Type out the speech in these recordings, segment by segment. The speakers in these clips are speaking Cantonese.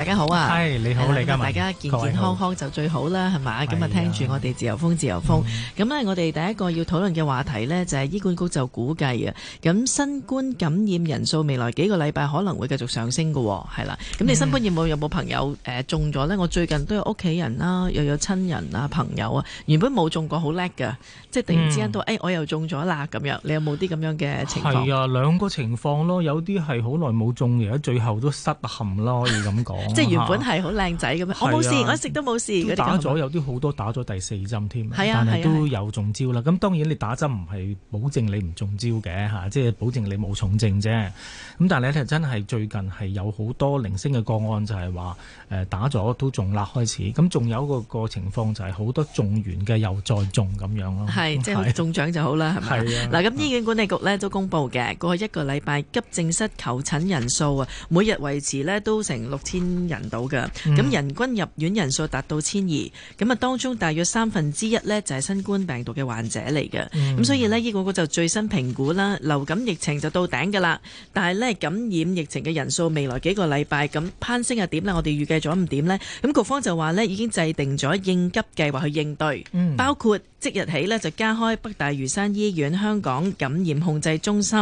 大家好啊，係、hey, 你好，大家健健康康就最好啦，係嘛好？咁啊，今日聽住我哋自由風，自由風。咁咧、嗯，我哋第一個要討論嘅話題呢，就係醫管局就估計啊。咁新冠感染人數未來幾個禮拜可能會繼續上升噶，係啦。咁你新冠有冇有冇朋友誒、呃、中咗呢？我最近都有屋企人啦，又有親人啊朋友啊，原本冇中過好叻噶，即係突然之間都誒、欸、我又中咗啦咁樣。你有冇啲咁樣嘅情況？係啊、嗯，兩個情況咯，有啲係好耐冇中，而家最後都失陷啦，可以咁講。 即係原本係好靚仔咁樣，我冇事，我一直都冇事。打咗，有啲好多打咗第四針添，係啊，但係都有中招啦。咁當然你打針唔係保證你唔中招嘅吓，即係保證你冇重症啫。咁但係咧真係最近係有好多零星嘅個案，就係話誒打咗都中啦開始。咁仲有一個個情況就係好多中完嘅又再中咁樣咯。係即係中獎就好啦，係咪？嗱咁醫院管理局呢都公佈嘅，過去一個禮拜急症室求診人數啊，每日維持呢都成六千人到噶，咁、嗯、人均入院人數達到千二，咁啊當中大約三分之一呢就係新冠病毒嘅患者嚟嘅，咁、嗯、所以呢，醫管局就最新評估啦，流感疫情就到頂噶啦，但係呢，感染疫情嘅人數未來幾個禮拜咁攀升係點呢？我哋預計咗唔點呢？咁局方就話呢，已經制定咗應急計劃去應對，嗯、包括。即日起呢，就加開北大嶼山醫院香港感染控制中心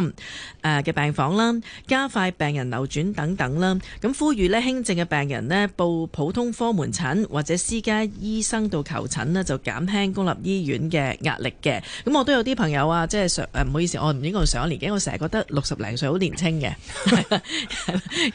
誒嘅病房啦，加快病人流轉等等啦。咁呼籲咧輕症嘅病人呢，報普通科門診或者私家醫生到求診呢，就減輕公立醫院嘅壓力嘅。咁我都有啲朋友啊，即係上誒，唔好意思，我唔應該上咗年紀，我成日覺得六十零歲好年輕嘅，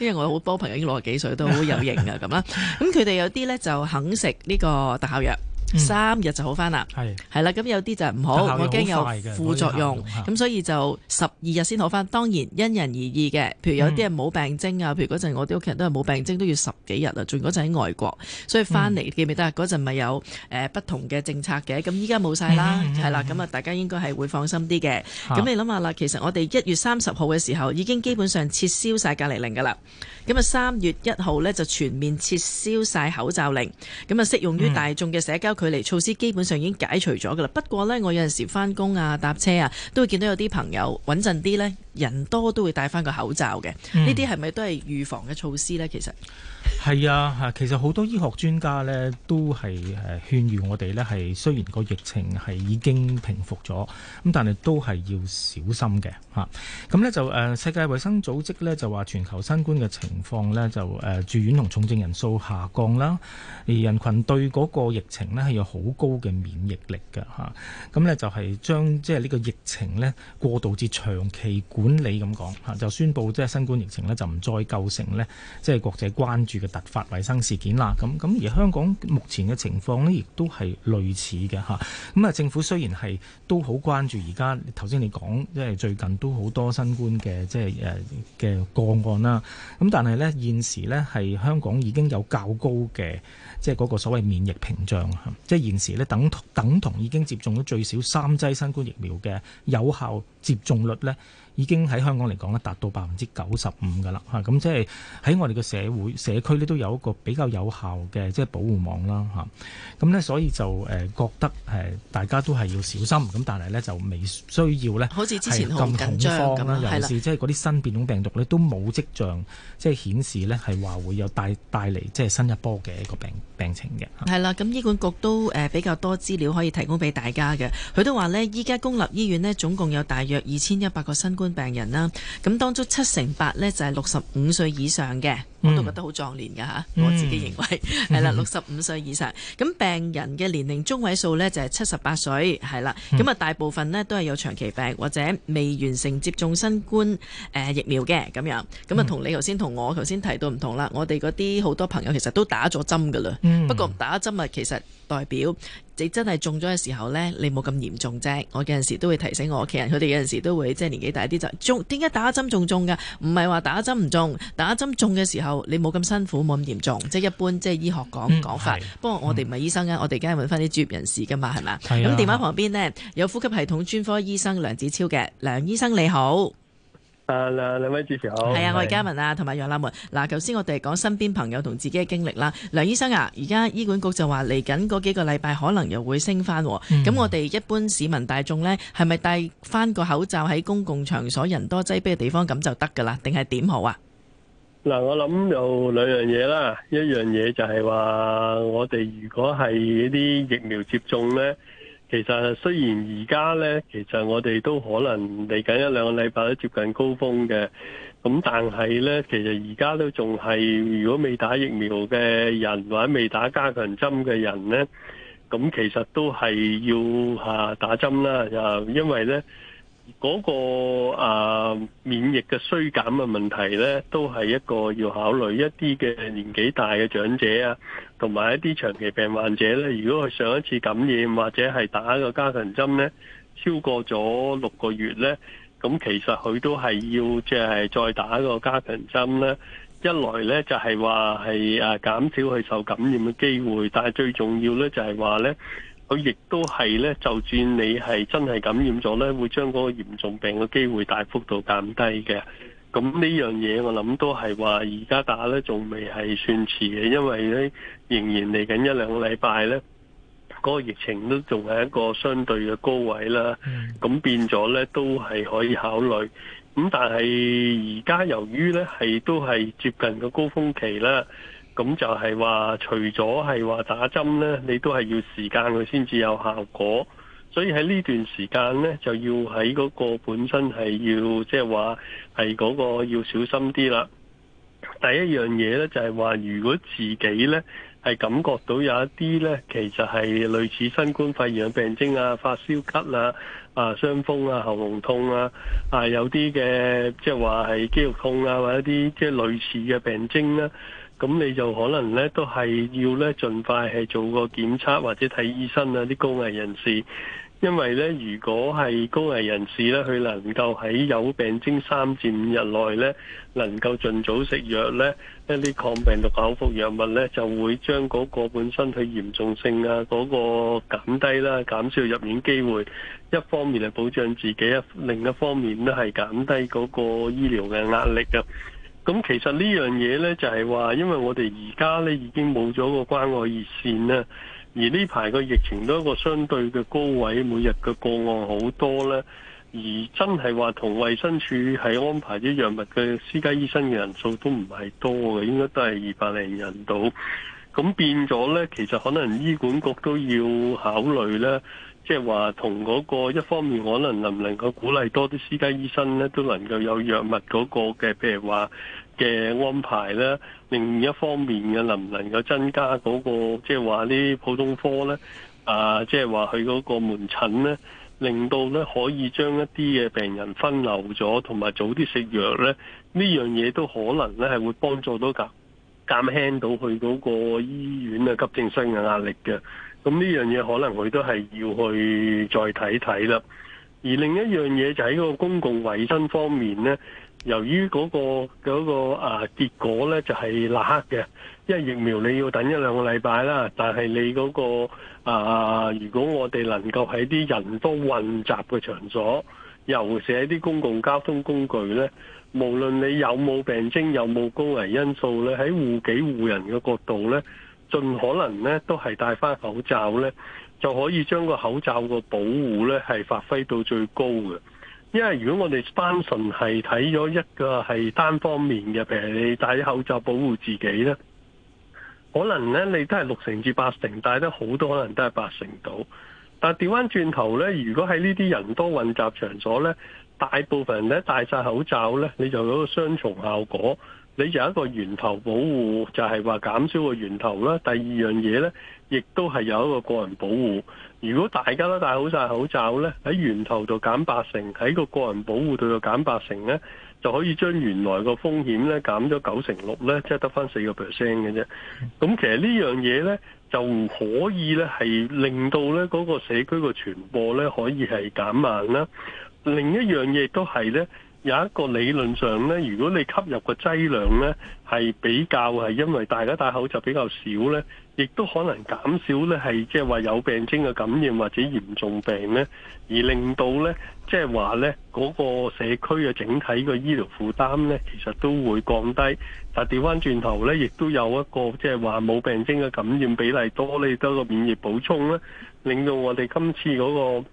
因為我好多朋友已經六十幾歲都好有型噶咁啦。咁佢哋有啲呢，就肯食呢個特效藥。三日就好翻啦，係啦是，咁、嗯、有啲就唔好，我驚有副作用，咁所以就十二日先好翻。當然因人而異嘅，譬如有啲人冇病徵啊，嗯、譬如嗰陣我啲屋企人都係冇病徵，都要十幾日啊。仲嗰陣喺外國，所以翻嚟、嗯、記唔記得啊？嗰陣咪有誒、呃、不同嘅政策嘅，咁依家冇晒啦，係啦、嗯，咁、嗯、啊大家應該係會放心啲嘅。咁、嗯、你諗下啦，其實我哋一月三十號嘅時候已經基本上撤銷晒隔離令噶啦，咁啊三月一號呢，就全面撤銷晒口罩令，咁啊適用於大眾嘅社交。距離措施基本上已經解除咗㗎啦，不過呢，我有陣時返工啊、搭車啊，都會見到有啲朋友穩陣啲呢。人多都會戴翻個口罩嘅，呢啲係咪都係預防嘅措施咧？其實係啊，吓，其實好多醫學專家咧都係誒勸喻我哋咧係雖然個疫情係已經平復咗，咁但係都係要小心嘅，吓，咁、啊、咧就誒、啊、世界衛生組織咧就話全球新冠嘅情況咧就誒、啊、住院同重症人數下降啦，而人群對嗰個疫情咧係有好高嘅免疫力㗎吓，咁、啊、咧就係將即係呢個疫情咧過渡至長期。管理咁講吓，就宣布即係新冠疫情呢，就唔再構成呢，即係國際關注嘅突發衞生事件啦。咁咁而香港目前嘅情況呢，亦都係類似嘅吓，咁啊，政府雖然係都好關注而家頭先你講，即係最近都好多新冠嘅即係誒嘅個案啦。咁但係呢，現時呢，係香港已經有較高嘅即係嗰個所謂免疫屏障。即係現時呢，等同等同已經接種咗最少三劑新冠疫苗嘅有效接種率呢，已經喺香港嚟講咧，達到百分之九十五㗎啦，嚇咁、嗯、即係喺我哋嘅社會社區咧，都有一個比較有效嘅即係保護網啦，嚇咁呢，所以就誒覺得誒大家都係要小心，咁但係呢，就未需要呢。好似之前咁緊張咁啦，係啦，即係嗰啲新變種病毒呢，的都冇跡象即係顯示呢，係話會有帶帶嚟即係新一波嘅一個病病情嘅。係、嗯、啦，咁醫管局都誒比較多資料可以提供俾大家嘅，佢都話呢，依家公立醫院呢，總共有大約二千一百個新冠。病人啦，咁當中七成八咧就係六十五歲以上嘅，嗯、我都覺得好壯年噶吓，嗯、我自己認為係啦，六十五歲以上，咁、嗯、病人嘅年齡中位數咧就係七十八歲，係啦，咁啊、嗯、大部分呢，都係有長期病或者未完成接種新冠誒、呃、疫苗嘅，咁樣，咁啊同你頭先同我頭先提到唔同啦，我哋嗰啲好多朋友其實都打咗針噶啦，嗯、不過打針啊其實。代表你真係中咗嘅時候呢，你冇咁嚴重啫。我有陣時都會提醒我屋企人，佢哋有陣時都會即係年紀大啲就中。點解打針仲中噶唔係話打針唔中，打針中嘅時候你冇咁辛苦，冇咁嚴重。即係一般即係醫學講講法。嗯、不過我哋唔係醫生啊，嗯、我哋梗係搵返啲專業人士噶嘛，係咪？咁是、啊、電話旁邊呢，有呼吸系統專科醫生梁子超嘅，梁醫生你好。誒，兩兩位主持好，係啊，我係嘉文啊，同埋楊立門。嗱，頭先我哋講身邊朋友同自己嘅經歷啦。梁醫生啊，而家醫管局就話嚟緊嗰幾個禮拜可能又會升翻。咁我哋一般市民大眾咧，係咪戴翻個口罩喺公共場所人多擠逼嘅地方咁就得噶啦？定係點好啊？嗱，我諗有兩樣嘢啦，一樣嘢就係話我哋如果係啲疫苗接種咧。其實雖然而家呢，其實我哋都可能嚟緊一兩個禮拜都接近高峰嘅，咁但係呢，其實而家都仲係，如果未打疫苗嘅人或者未打加強針嘅人呢，咁其實都係要吓打針啦，因為呢。嗰個、啊、免疫嘅衰減嘅問題呢，都係一個要考慮一啲嘅年紀大嘅長者啊，同埋一啲長期病患者呢，如果佢上一次感染，或者係打個加強針呢，超過咗六個月呢，咁其實佢都係要即係再打個加強針呢。一來呢，就係話係啊減少佢受感染嘅機會，但係最重要呢，就係話呢。佢亦都係呢，就算你係真係感染咗呢，會將嗰個嚴重病嘅機會大幅度減低嘅。咁呢樣嘢我諗都係話而家打呢，仲未係算遲嘅，因為呢仍然嚟緊一兩個禮拜呢，嗰個疫情都仲係一個相對嘅高位啦。咁變咗呢，都係可以考慮。咁但係而家由於呢，係都係接近個高峰期啦。咁就係話，除咗係話打針呢，你都係要時間佢先至有效果。所以喺呢段時間呢，就要喺嗰個本身係要即係話係嗰個要小心啲啦。第一樣嘢呢，就係話，如果自己呢係感覺到有一啲呢，其實係類似新冠肺炎病徵啊，發燒、咳啊、啊傷風啊、喉嚨痛啊、啊有啲嘅即係話係肌肉痛啊，或者啲即係類似嘅病徵啦、啊。咁你就可能咧，都係要咧，盡快係做個檢測或者睇醫生啊，啲高危人士，因為咧，如果係高危人士咧，佢能夠喺有病徵三至五日內咧，能夠盡早食藥咧，一啲抗病毒口服藥物咧，就會將嗰個本身佢嚴重性啊，嗰個減低啦，減少入院機會。一方面係保障自己啊，另一方面都係減低嗰個醫療嘅壓力啊。咁其實呢樣嘢呢，就係話，因為我哋而家呢已經冇咗個關愛熱線啦，而呢排個疫情都一個相對嘅高位，每日嘅個案好多呢。而真係話同衞生署係安排啲藥物嘅私家醫生嘅人數都唔係多嘅，應該都係二百零人度。咁變咗呢，其實可能醫管局都要考慮呢。即係話同嗰個一方面，可能能唔能夠鼓勵多啲私家醫生咧，都能夠有藥物嗰個嘅，譬如話嘅安排咧。另一方面嘅能唔能夠增加嗰個，即係話啲普通科咧，啊，即係話佢嗰個門診咧，令到咧可以將一啲嘅病人分流咗，同埋早啲食藥咧，呢樣嘢都可能咧係會幫助到減減輕到去嗰個醫院啊急症室嘅壓力嘅。咁呢樣嘢可能佢都係要去再睇睇啦。而另一樣嘢就喺個公共衞生方面呢，由於嗰、那個嗰、那個、啊、結果呢就係、是、立刻嘅，因為疫苗你要等一兩個禮拜啦。但係你嗰、那個啊，如果我哋能夠喺啲人多混雜嘅場所，尤其是喺啲公共交通工具呢，無論你有冇病徵，有冇高危因素咧，喺護己護人嘅角度呢。盡可能咧，都係戴翻口罩咧，就可以將個口罩個保護咧係發揮到最高嘅。因為如果我哋單純係睇咗一個係單方面嘅，譬如你戴啲口罩保護自己咧，可能咧你都係六成至八成，戴得好多可能都係八成到。但係調翻轉頭咧，如果喺呢啲人多混雜場所咧，大部分人咧戴晒口罩咧，你就有個雙重效果。你有一個源頭保護，就係話減少個源頭啦。第二樣嘢呢，亦都係有一個個人保護。如果大家都戴好晒口罩呢，喺源頭度減八成，喺個個人保護度又減八成呢，就可以將原來個風險呢減咗九成六呢，即係得翻四個 percent 嘅啫。咁其實呢樣嘢呢，就可以呢係令到呢嗰個社區個傳播呢，可以係減慢啦。另一樣嘢都係呢。有一個理論上咧，如果你吸入嘅劑量咧，係比較係因為大家戴口罩比較少咧，亦都可能減少咧係即係話有病徵嘅感染或者嚴重病咧，而令到咧即係話咧嗰個社區嘅整體嘅醫療負擔咧，其實都會降低。但調翻轉頭咧，亦都有一個即係話冇病徵嘅感染比例多咧，多個免疫補充咧，令到我哋今次嗰、嗰個。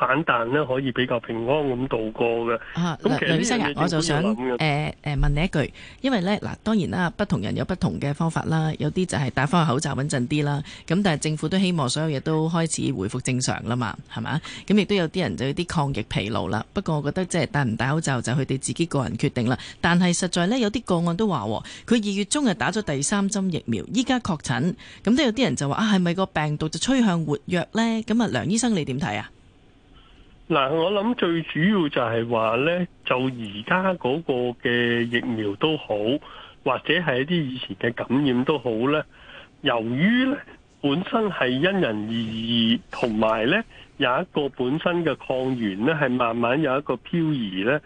反彈咧，可以比較平安咁度過嘅。啊、呃，嗱、呃，梁醫生，我就想誒誒問你一句，因為呢，嗱，當然啦，不同人有不同嘅方法啦，有啲就係戴返個口罩穩陣啲啦。咁但係政府都希望所有嘢都開始恢復正常啦嘛，係嘛？咁亦都有啲人就有啲抗疫疲勞啦。不過我覺得即係戴唔戴口罩就佢哋自己個人決定啦。但係實在呢，有啲個案都話佢二月中日打咗第三針疫苗，依家確診咁都有啲人就話啊，係咪個病毒就趨向活躍呢？咁啊，梁醫生你點睇啊？嗱，我諗最主要就係話呢，就而家嗰個嘅疫苗都好，或者係一啲以前嘅感染都好呢，由於呢本身係因人而異，同埋呢有一個本身嘅抗原呢，係慢慢有一個漂移呢。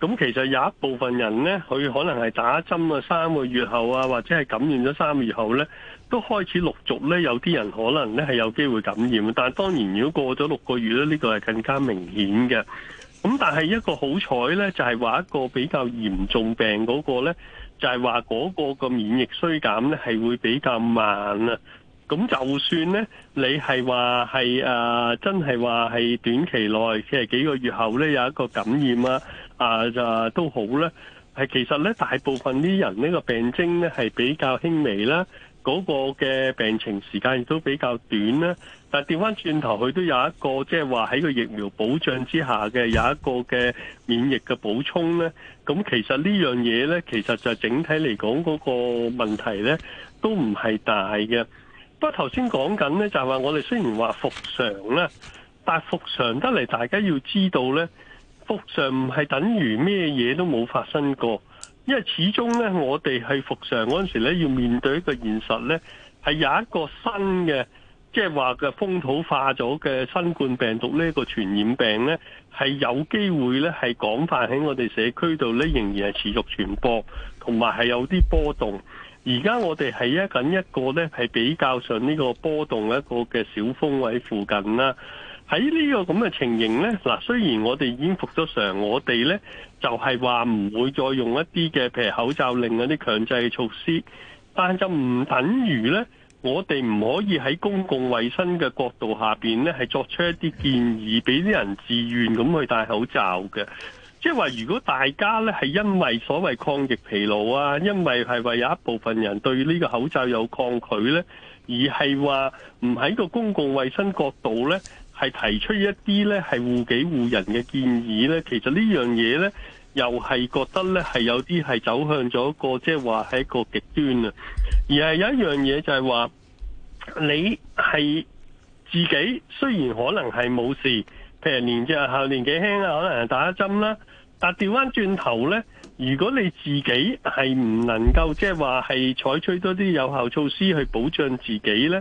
咁其實有一部分人呢，佢可能係打針啊，三個月後啊，或者係感染咗三個月後呢，都開始陸續呢，有啲人可能呢係有機會感染。但當然，如果過咗六個月呢，呢個係更加明顯嘅。咁但係一個好彩呢，就係話一個比較嚴重病嗰個呢，就係話嗰個個免疫力衰減呢，係會比較慢啊。咁就算呢，你係話係誒真係話係短期內，即係幾個月後呢，有一個感染啊。啊就都好咧，係其實咧大部分啲人呢個病徵咧係比較輕微啦，嗰個嘅病情時間亦都比較短啦。但係掉返轉頭，佢都有一個即係話喺個疫苗保障之下嘅有一個嘅免疫嘅補充咧。咁其實呢樣嘢咧，其實就整體嚟講嗰個問題咧都唔係大嘅。不過頭先講緊咧就係話我哋雖然話復常啦，但係復常得嚟大家要知道咧。復常唔係等於咩嘢都冇發生過，因為始終咧，我哋係復常嗰陣時咧，要面對一個現實咧，係有一個新嘅，即係話嘅風土化咗嘅新冠病毒呢一個傳染病咧，係有機會咧係廣泛喺我哋社區度咧仍然係持續傳播，同埋係有啲波動。而家我哋係一緊一個咧係比較上呢個波動一個嘅小風位附近啦。喺呢個咁嘅情形呢，嗱雖然我哋已經復咗常，我哋呢就係話唔會再用一啲嘅譬如口罩令嗰啲強制措施，但就唔等於呢，我哋唔可以喺公共衞生嘅角度下邊呢，係作出一啲建議，俾啲人自願咁去戴口罩嘅。即係話，如果大家呢係因為所謂抗疫疲勞啊，因為係話有一部分人對呢個口罩有抗拒呢，而係話唔喺個公共衞生角度呢。係提出一啲呢係護己護人嘅建議呢。其實呢樣嘢呢，又係覺得呢係有啲係走向咗一個，即係話係一個極端啊。而係有一樣嘢就係話，你係自己雖然可能係冇事，譬如年紀後年紀輕啊，可能打一針啦。但係調翻轉頭呢，如果你自己係唔能夠，即係話係採取多啲有效措施去保障自己呢。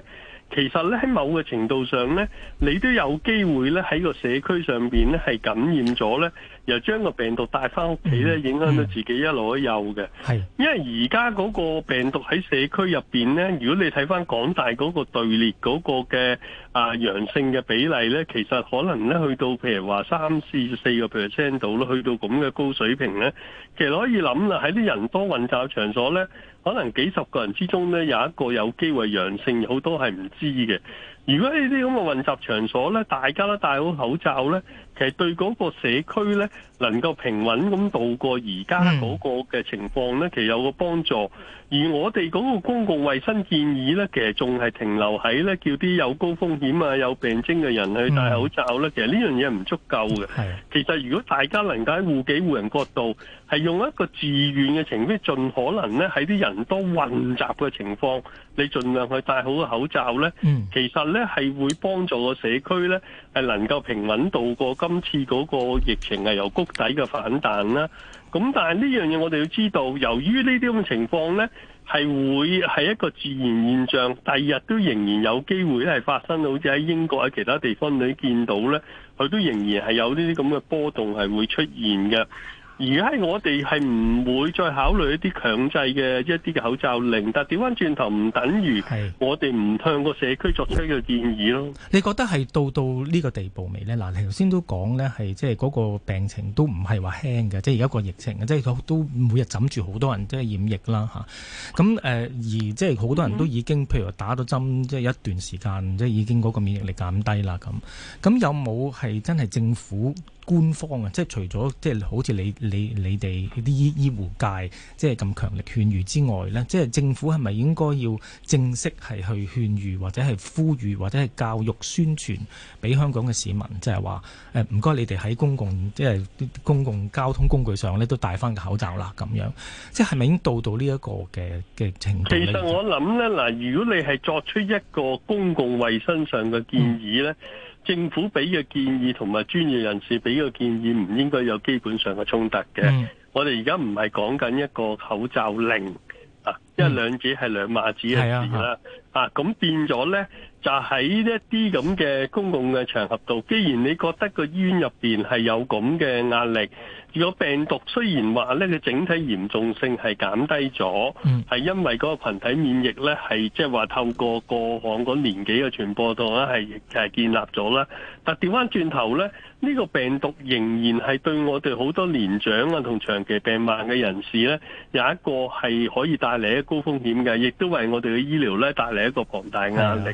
其實咧，喺某個程度上咧，你都有機會咧喺個社區上邊咧係感染咗咧。又將個病毒帶翻屋企咧，影響到自己一路都有嘅。係的，因為而家嗰個病毒喺社區入邊咧，如果你睇翻港大嗰個隊列嗰個嘅啊陽性嘅比例咧，其實可能咧去到譬如話三至四個 percent 度啦，去到咁嘅高水平咧，其實可以諗啦，喺啲人多混雜場所咧，可能幾十個人之中咧有一個有機會陽性，好多係唔知嘅。如果呢啲咁嘅混集場所呢，大家都戴好口罩呢，其實對嗰個社區呢，能夠平穩咁度過而家嗰個嘅情況呢，其實有個幫助。而我哋嗰個公共衞生建議咧，其實仲係停留喺咧叫啲有高風險啊、有病徵嘅人去戴口罩咧。其實呢樣嘢唔足夠嘅。其實如果大家能夠喺護己護人角度，係用一個自願嘅情，即係盡可能咧喺啲人多混雜嘅情況，你儘量去戴好個口罩咧。其實咧係會幫助個社區咧係能夠平穩度過今次嗰個疫情係由谷底嘅反彈啦。咁但係呢樣嘢我哋要知道，由於呢啲咁嘅情況呢，係會係一個自然現象，第二日都仍然有機會咧係發生，好似喺英國喺其他地方你見到呢，佢都仍然係有呢啲咁嘅波動係會出現嘅。而家我哋係唔會再考慮一啲強制嘅一啲嘅口罩令，但係調翻轉頭唔等於我哋唔向個社區作出一個建議咯。是 你覺得係到到呢個地步未呢？嗱、啊，你頭先都講呢係即係嗰個病情都唔係話輕嘅，即係而家個疫情即係、就是、都每日枕住好多人即係染疫啦吓，咁、啊、誒、嗯呃、而即係好多人都已經譬如話打咗針，即、就、係、是、一段時間即係、就是、已經嗰個免疫力減低啦咁。咁有冇係真係政府？官方啊，即係除咗即係好似你你你哋啲醫醫護界即係咁強力勸喻之外咧，即係政府係咪應該要正式係去勸喻，或者係呼籲，或者係教育宣傳俾香港嘅市民，即係話誒唔該你哋喺公共即係公共交通工具上咧都戴翻個口罩啦咁樣，即係咪已經到到呢一個嘅嘅程度咧？其實我諗咧，嗱，如果你係作出一個公共衛生上嘅建議咧。嗯政府俾嘅建議同埋專業人士俾嘅建議唔應該有基本上嘅衝突嘅。我哋而家唔係講緊一個口罩令啊，因為兩者係兩碼子嘅事啦。啊，咁變咗呢，就喺一啲咁嘅公共嘅場合度，既然你覺得個醫院入邊係有咁嘅壓力。如果病毒雖然話咧，個整體嚴重性係減低咗，係、嗯、因為嗰個群體免疫咧，係即係話透過過往嗰年幾嘅傳播度咧，係誒建立咗啦。但調返轉頭咧，呢、這個病毒仍然係對我哋好多年長啊同長期病患嘅人士咧，有一個係可以帶嚟一高風險嘅，亦都為我哋嘅醫療咧帶嚟一個龐大壓力。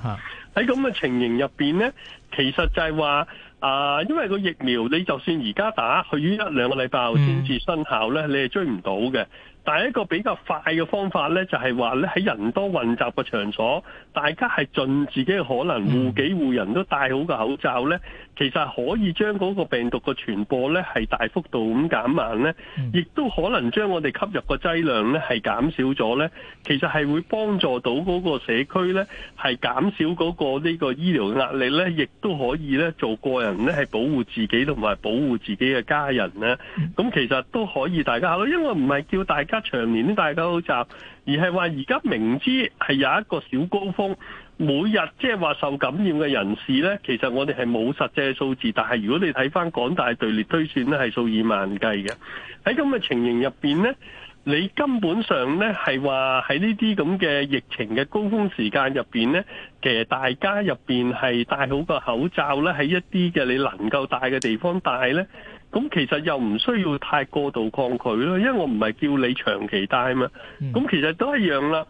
喺咁嘅情形入邊咧，其實就係話。啊，uh，因為個疫苗你就算而家打，佢於一兩個禮拜後先至生效咧，你係追唔到嘅。但係一個比較快嘅方法咧，就係話咧，喺人多混雜嘅場所，大家係盡自己嘅可能，護己戶人都戴好個口罩咧，其實可以將嗰個病毒嘅傳播咧係大幅度咁減慢咧，亦、嗯、都可能將我哋吸入嘅劑量咧係減少咗咧，其實係會幫助到嗰個社區咧係減少嗰個呢個醫療壓力咧，亦都可以咧做個人咧係保護自己同埋保護自己嘅家人咧，咁、嗯、其實都可以大家咯，因為唔係叫大家。而長年都戴口罩，而係話而家明知係有一個小高峰，每日即係話受感染嘅人士呢，其實我哋係冇實際嘅數字，但係如果你睇翻港大隊列推算呢係數以萬計嘅。喺咁嘅情形入邊呢，你根本上呢係話喺呢啲咁嘅疫情嘅高峰時間入邊呢，其實大家入邊係戴好個口罩呢，喺一啲嘅你能夠戴嘅地方戴呢。咁其實又唔需要太過度抗拒咯，因為我唔係叫你長期戴嘛。咁、嗯、其實都一樣啦。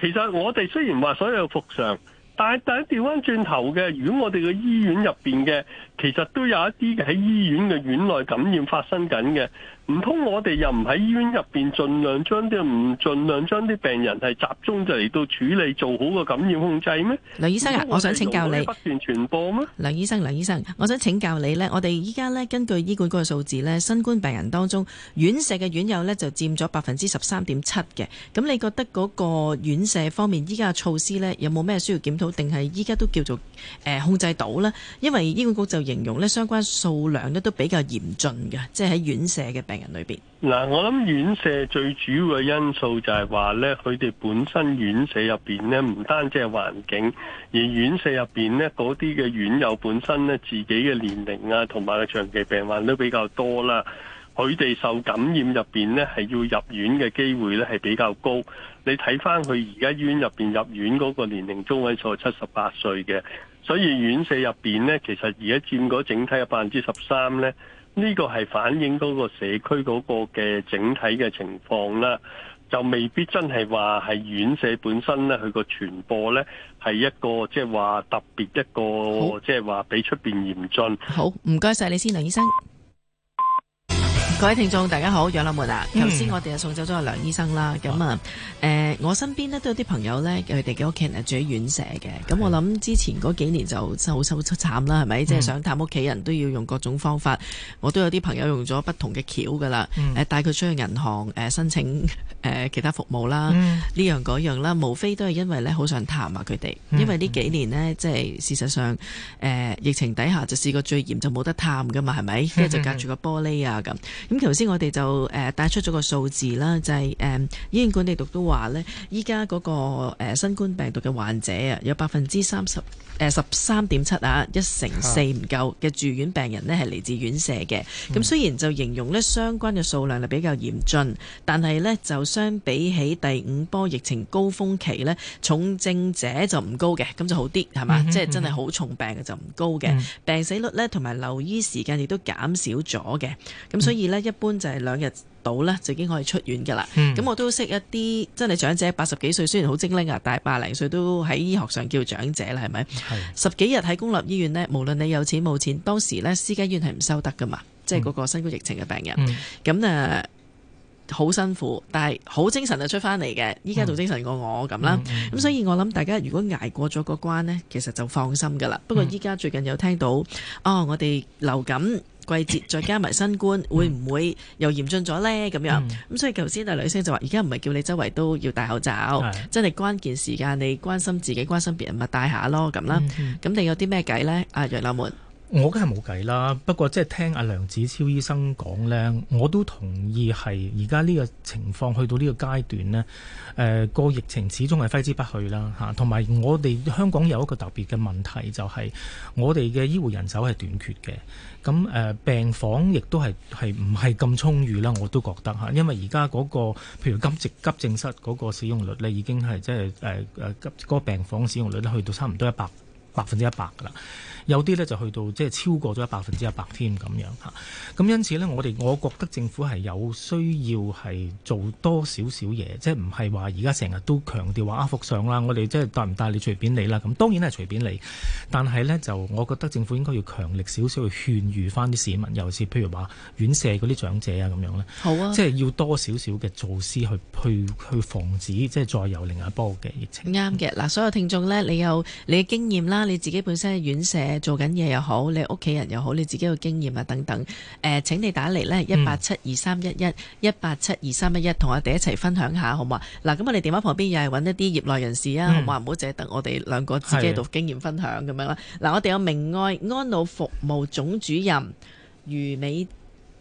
其實我哋雖然話所有復常，但係但係調翻轉頭嘅，如果我哋嘅醫院入邊嘅。其實都有一啲嘅喺醫院嘅院內感染發生緊嘅，唔通我哋又唔喺醫院入邊盡量將啲唔盡量將啲病人係集中就嚟到處理做好個感染控制咩？梁醫生啊，我，我想請教你不斷傳播咩？梁醫生，梁醫生，我想請教你呢，我哋依家咧根據醫管局嘅數字呢，新冠病人當中院舍嘅院友呢就佔咗百分之十三點七嘅。咁你覺得嗰個院舍方面依家嘅措施呢？有冇咩需要檢討，定係依家都叫做誒、呃、控制到呢？因為醫管局就形容咧，相關數量咧都比較嚴峻嘅，即係喺院舍嘅病人裏邊。嗱，我諗院舍最主要嘅因素就係話咧，佢哋本身院舍入邊咧，唔單止係環境，而院舍入邊咧嗰啲嘅院友本身咧，自己嘅年齡啊，同埋嘅長期病患都比較多啦，佢哋受感染入邊咧，係要入院嘅機會咧係比較高。你睇翻佢而家醫院入邊入院嗰個年齡中位數係七十八歲嘅，所以院舍入邊呢，其實而家佔嗰整體嘅百分之十三呢，呢、呢個係反映嗰個社區嗰個嘅整體嘅情況啦，就未必真係話係院舍本身呢，佢個傳播呢係一個即係話特別一個即係話比出邊嚴峻。好，唔該晒你先，梁醫生。各位聽眾大家好，楊立門啊！頭先、嗯、我哋啊送走咗梁醫生啦，咁啊、嗯，誒、呃，我身邊咧都有啲朋友呢，佢哋嘅屋企人住喺院舍嘅，咁、哦、我諗之前嗰幾年就真係好慘啦，係咪？嗯、即係想探屋企人都要用各種方法，我都有啲朋友用咗不同嘅橋噶啦，誒、嗯，帶佢、呃、出去銀行誒、呃、申請誒、呃、其他服務啦，呢、嗯、樣嗰樣啦，無非都係因為呢好想探啊佢哋，嗯、因為呢幾年呢，即係事實上誒、呃、疫情底下就試過最嚴就冇得探噶嘛，係咪？跟住、嗯、就隔住個玻璃啊咁。咁頭先我哋就誒帶出咗個數字啦，就係、是、誒、嗯、醫院管理局都話呢，依家嗰個新冠病毒嘅患者啊、呃，有百分之三十誒十三點七啊，一成四唔夠嘅住院病人呢，係嚟自院舍嘅。咁雖然就形容呢相關嘅數量係比較嚴峻，但係呢，就相比起第五波疫情高峰期呢，重症者就唔高嘅，咁就好啲係嘛？即係、嗯嗯、真係好重病嘅，就唔高嘅，嗯、病死率呢，同埋留醫時間亦都減少咗嘅。咁所以呢，嗯一般就係兩日到啦，就已經可以出院噶啦。咁、嗯、我都識一啲真係長者，八十幾歲，雖然好精靈啊，但係八、零歲都喺醫學上叫長者啦，係咪？是十幾日喺公立醫院呢，無論你有錢冇錢，當時呢私家醫院係唔收得噶嘛，嗯、即係嗰個新冠疫情嘅病人。咁誒、嗯，好、啊、辛苦，但係好精神就出翻嚟嘅。依家仲精神過我咁啦。咁、嗯嗯嗯、所以我諗大家如果挨過咗個關呢，其實就放心噶啦。不過依家最近有聽到，哦，我哋流感。季節再加埋新冠，會唔會又嚴峻咗呢？咁樣咁，嗯、所以頭先個女聲就話：而家唔係叫你周圍都要戴口罩，的真係關鍵時間，你關心自己，關心別人咪戴下咯咁啦。咁、嗯、你有啲咩計呢？阿、啊、楊立門，我梗係冇計啦。不過即係聽阿梁子超醫生講呢，我都同意係而家呢個情況去到呢個階段呢，誒、呃、個疫情始終係揮之不去啦嚇，同、啊、埋我哋香港有一個特別嘅問題，就係我哋嘅醫護人手係短缺嘅。咁誒病房亦都係係唔係咁充裕啦？我都覺得吓，因為而家嗰個譬如急症急症室嗰個使用率呢，已經係即係誒誒急嗰個病房使用率都去到差唔多一百百分之一百㗎喇。有啲咧就去到即係超過咗一百分之一百添咁樣嚇，咁因此呢，我哋我覺得政府係有需要係做多少少嘢，即係唔係話而家成日都強調話啊復常啦，我哋即係帶唔帶你隨便你啦咁，當然係隨便你，但係呢就我覺得政府應該要強力少少去勸喻翻啲市民，尤其譬如話院舍嗰啲長者啊咁樣呢，好啊，即係要多少少嘅措施去去去防止即係再有另一波嘅疫情。啱嘅嗱，所有聽眾呢，你有你嘅經驗啦，你自己本身喺院舍，做緊嘢又好，你屋企人又好，你自己嘅經驗啊等等，誒、呃，請你打嚟咧、嗯、一八七二三一一一八七二三一一，同我哋一齊分享下好唔好？嗱，咁我哋電話旁邊又係揾一啲業內人士啊，好唔好？唔好淨係得我哋兩個自己喺度經驗分享咁是樣啦。嗱，我哋有明愛安老服務總主任余美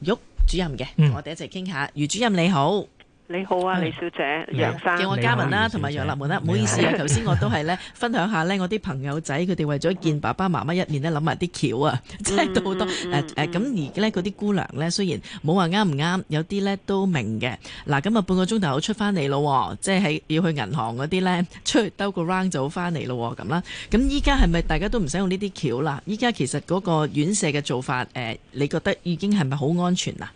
玉主任嘅，同我哋一齊傾下。嗯、余主任你好。你好啊，李小姐，楊 Yeah, 生，叫我嘉文啦、啊，同埋楊立文啦、啊。唔好意思啊，頭先好我都係咧分享下咧我啲朋友仔，佢哋 為咗見爸爸媽媽一面咧諗埋啲橋啊，即係到好多誒誒。咁、嗯、而家咧嗰啲姑娘咧，雖然冇話啱唔啱，有啲咧都明嘅。嗱，咁啊，半個鐘頭我出翻嚟咯，即、就、係、是、要去銀行嗰啲咧出去兜個 round 就翻嚟咯咁啦。咁依家係咪大家都唔使用呢啲橋啦？依家其實嗰個院舍嘅做法，誒，你覺得已經係咪好安全啊？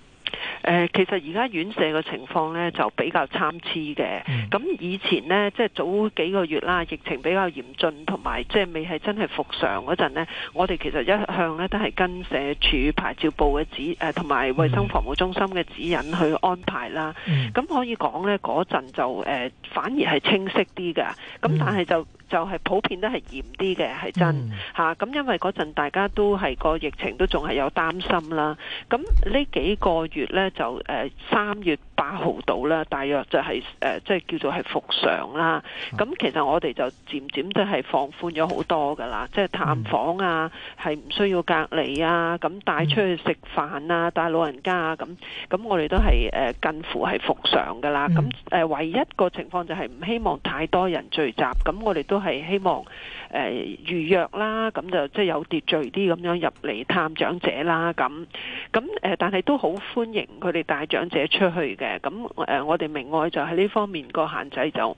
誒、呃，其實而家院舍嘅情況呢就比較參差嘅。咁、嗯、以前呢，即係早幾個月啦，疫情比較嚴峻，同埋即係未係真係復常嗰陣呢，我哋其實一向呢都係跟社署牌照部嘅指誒，同埋衞生防護中心嘅指引去安排啦。咁、嗯、可以講呢，嗰陣就誒、呃、反而係清晰啲㗎。咁但係就，嗯就係普遍都係嚴啲嘅，係真嚇。咁因為嗰陣大家都係個疫情都仲係有擔心啦。咁呢幾個月呢就誒三月八號到啦，大約就係誒即係叫做係復常啦。咁其實我哋就漸漸即係放寬咗好多噶啦，即係探訪啊，係唔需要隔離啊，咁帶出去食飯啊，帶老人家啊，咁咁我哋都係誒近乎係復常噶啦。咁誒唯一個情況就係唔希望太多人聚集。咁我哋都都係希望誒預約啦，咁就即係有秩序啲咁樣入嚟探長者啦，咁咁誒，但係都好歡迎佢哋帶長者出去嘅，咁誒、呃，我哋明愛就喺呢方面個限制就。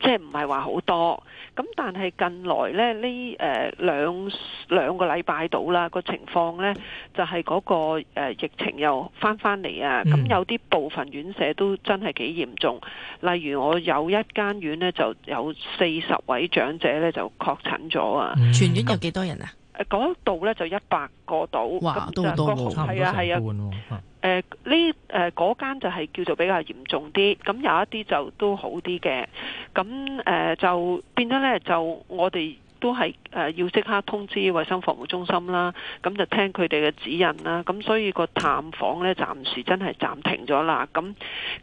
即係唔係話好多，咁但係近來咧呢誒、呃、兩兩個禮拜到啦個情況咧，就係、是、嗰、那個誒、呃、疫情又翻翻嚟啊！咁、嗯、有啲部分院舍都真係幾嚴重，例如我有一間院咧就有四十位長者咧就確診咗、嗯、啊！全院有幾多人啊？誒、呃，嗰度咧就一百個到，哇，都多到係啊係啊，呢誒嗰間就係叫做比較嚴重啲，咁有一啲就都好啲嘅，咁誒、呃、就變咗呢，就我哋。都係誒、呃、要即刻通知衞生防護中心啦，咁就聽佢哋嘅指引啦。咁所以個探訪咧暫時真係暫停咗啦。咁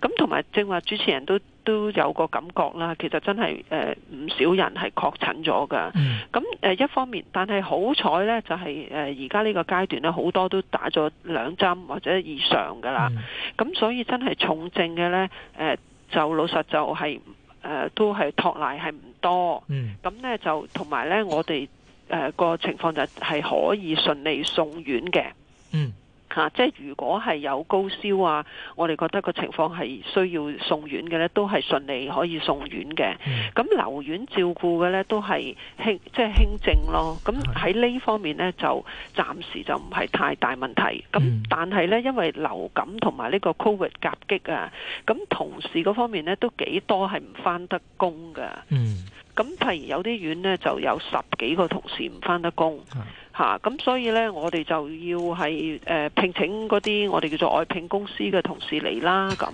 咁同埋正話主持人都都有個感覺啦，其實真係誒唔少人係確診咗噶。咁誒、嗯呃、一方面，但係好彩咧，就係誒而家呢個階段咧，好多都打咗兩針或者以上噶啦。咁、嗯、所以真係重症嘅咧，誒、呃、就老實就係、是、誒、呃、都係托賴係唔多，咁咧就同埋咧，我哋誒個情況就係可以順利送院嘅。嗯。 嚇、啊！即係如果係有高燒啊，我哋覺得個情況係需要送院嘅呢，都係順利可以送院嘅。咁留、嗯嗯嗯、院照顧嘅呢，都係輕即係輕症咯。咁喺呢方面呢，就暫時就唔係太大問題。咁但係呢，因為流感同埋呢個 COVID 夾擊啊，咁同事嗰方面呢，都幾多係唔返得工噶。咁譬、嗯嗯嗯、如有啲院呢，就有十幾個同事唔返得工。嗯嗯嚇咁，啊、所以咧，我哋就要係誒、呃、聘請嗰啲我哋叫做外聘公司嘅同事嚟啦，咁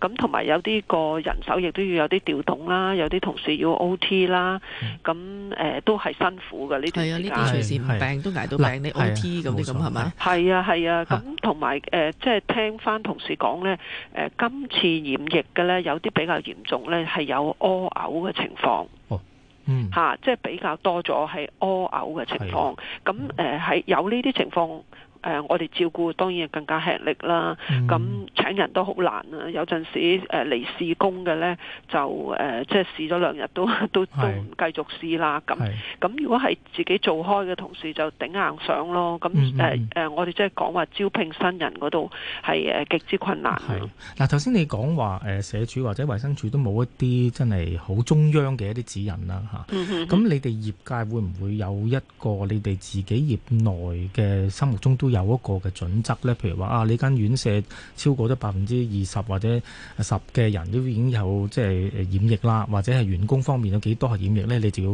咁同埋有啲個人手亦都要有啲調動啦，有啲同事要 O T 啦，咁誒、呃、都係辛苦嘅呢啲㗎。係啊，呢啲隨時唔病都捱到病，你 O T 咁啲咁係嘛？係啊，係啊，咁同埋誒即係聽翻同事講咧，誒、呃、今次染疫嘅咧有啲比較嚴重咧，係有屙嘔嘅情況。哦嗯，嚇、啊，即係比較多咗係屙嘔嘅情況。咁誒的，係、嗯嗯、有呢啲情況。誒、呃，我哋照顧當然更加吃力啦。咁、嗯、請人都好難啊。有陣時誒嚟、呃、試工嘅咧，就誒、呃、即係試咗兩日都都是都唔繼續試啦。咁咁如果係自己做開嘅同事，就頂硬上咯。咁誒誒我哋即係講話招聘新人嗰度係誒極之困難、啊，係、啊、嗱，頭先你講話誒、呃、社署或者衛生署都冇一啲真係好中央嘅一啲指引啦、啊、嚇。咁、啊嗯、哼你哋業界會唔會有一個你哋自己業內嘅心目中都？都有一個嘅準則咧，譬如話啊，你間院舍超過咗百分之二十或者十嘅人都已經有即係誒染疫啦，或者係員工方面有幾多係染疫咧，你就要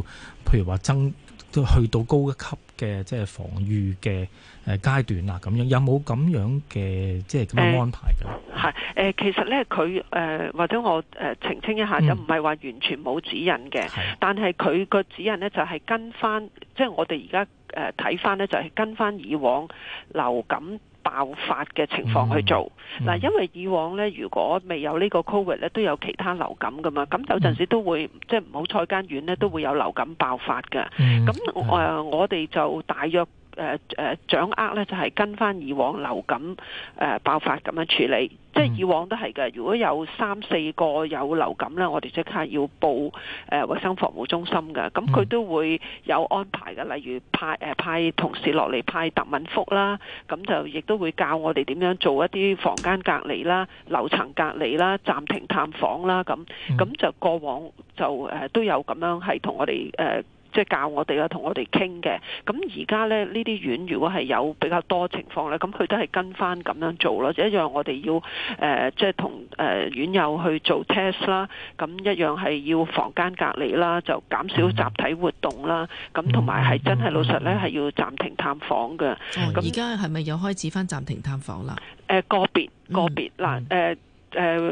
譬如話增都去到高一級嘅即係防禦嘅誒階段啊，咁樣有冇咁樣嘅即係咁樣安排嘅？係誒、呃呃，其實咧佢誒或者我誒、呃、澄清一下，就唔係話完全冇指引嘅，是的 但係佢個指引咧就係跟翻即係我哋而家。誒睇翻咧就係、是、跟翻以往流感爆發嘅情況去做，嗱、嗯嗯、因為以往咧如果未有呢個 COVID 咧都有其他流感噶嘛，咁有陣時都會、嗯、即係唔好彩間院咧都會有流感爆發㗎，咁誒我哋就大約。誒誒、呃，掌握咧就係、是、跟翻以往流感誒、呃、爆發咁樣處理，即係以往都係嘅。如果有三四個有流感啦，我哋即刻要報誒衞、呃、生防護中心嘅，咁佢都會有安排嘅，例如派誒、呃、派同事落嚟派特敏福啦，咁就亦都會教我哋點樣做一啲房間隔離啦、樓層隔離啦、暫停探訪啦，咁咁、嗯、就過往就誒、呃、都有咁樣係同我哋誒。呃即係教我哋啊，同我哋傾嘅。咁而家咧，呢啲院如果係有比較多情況咧，咁佢都係跟翻咁樣做咯。一樣我哋要誒、呃、即係同誒院友去做 test 啦。咁一樣係要房間隔離啦，就減少集體活動啦。咁同埋係真係、嗯嗯、老實咧，係要暫停探訪嘅。咁而家係咪又開始翻暫停探訪、呃嗯嗯、啦？誒個別個別嗱誒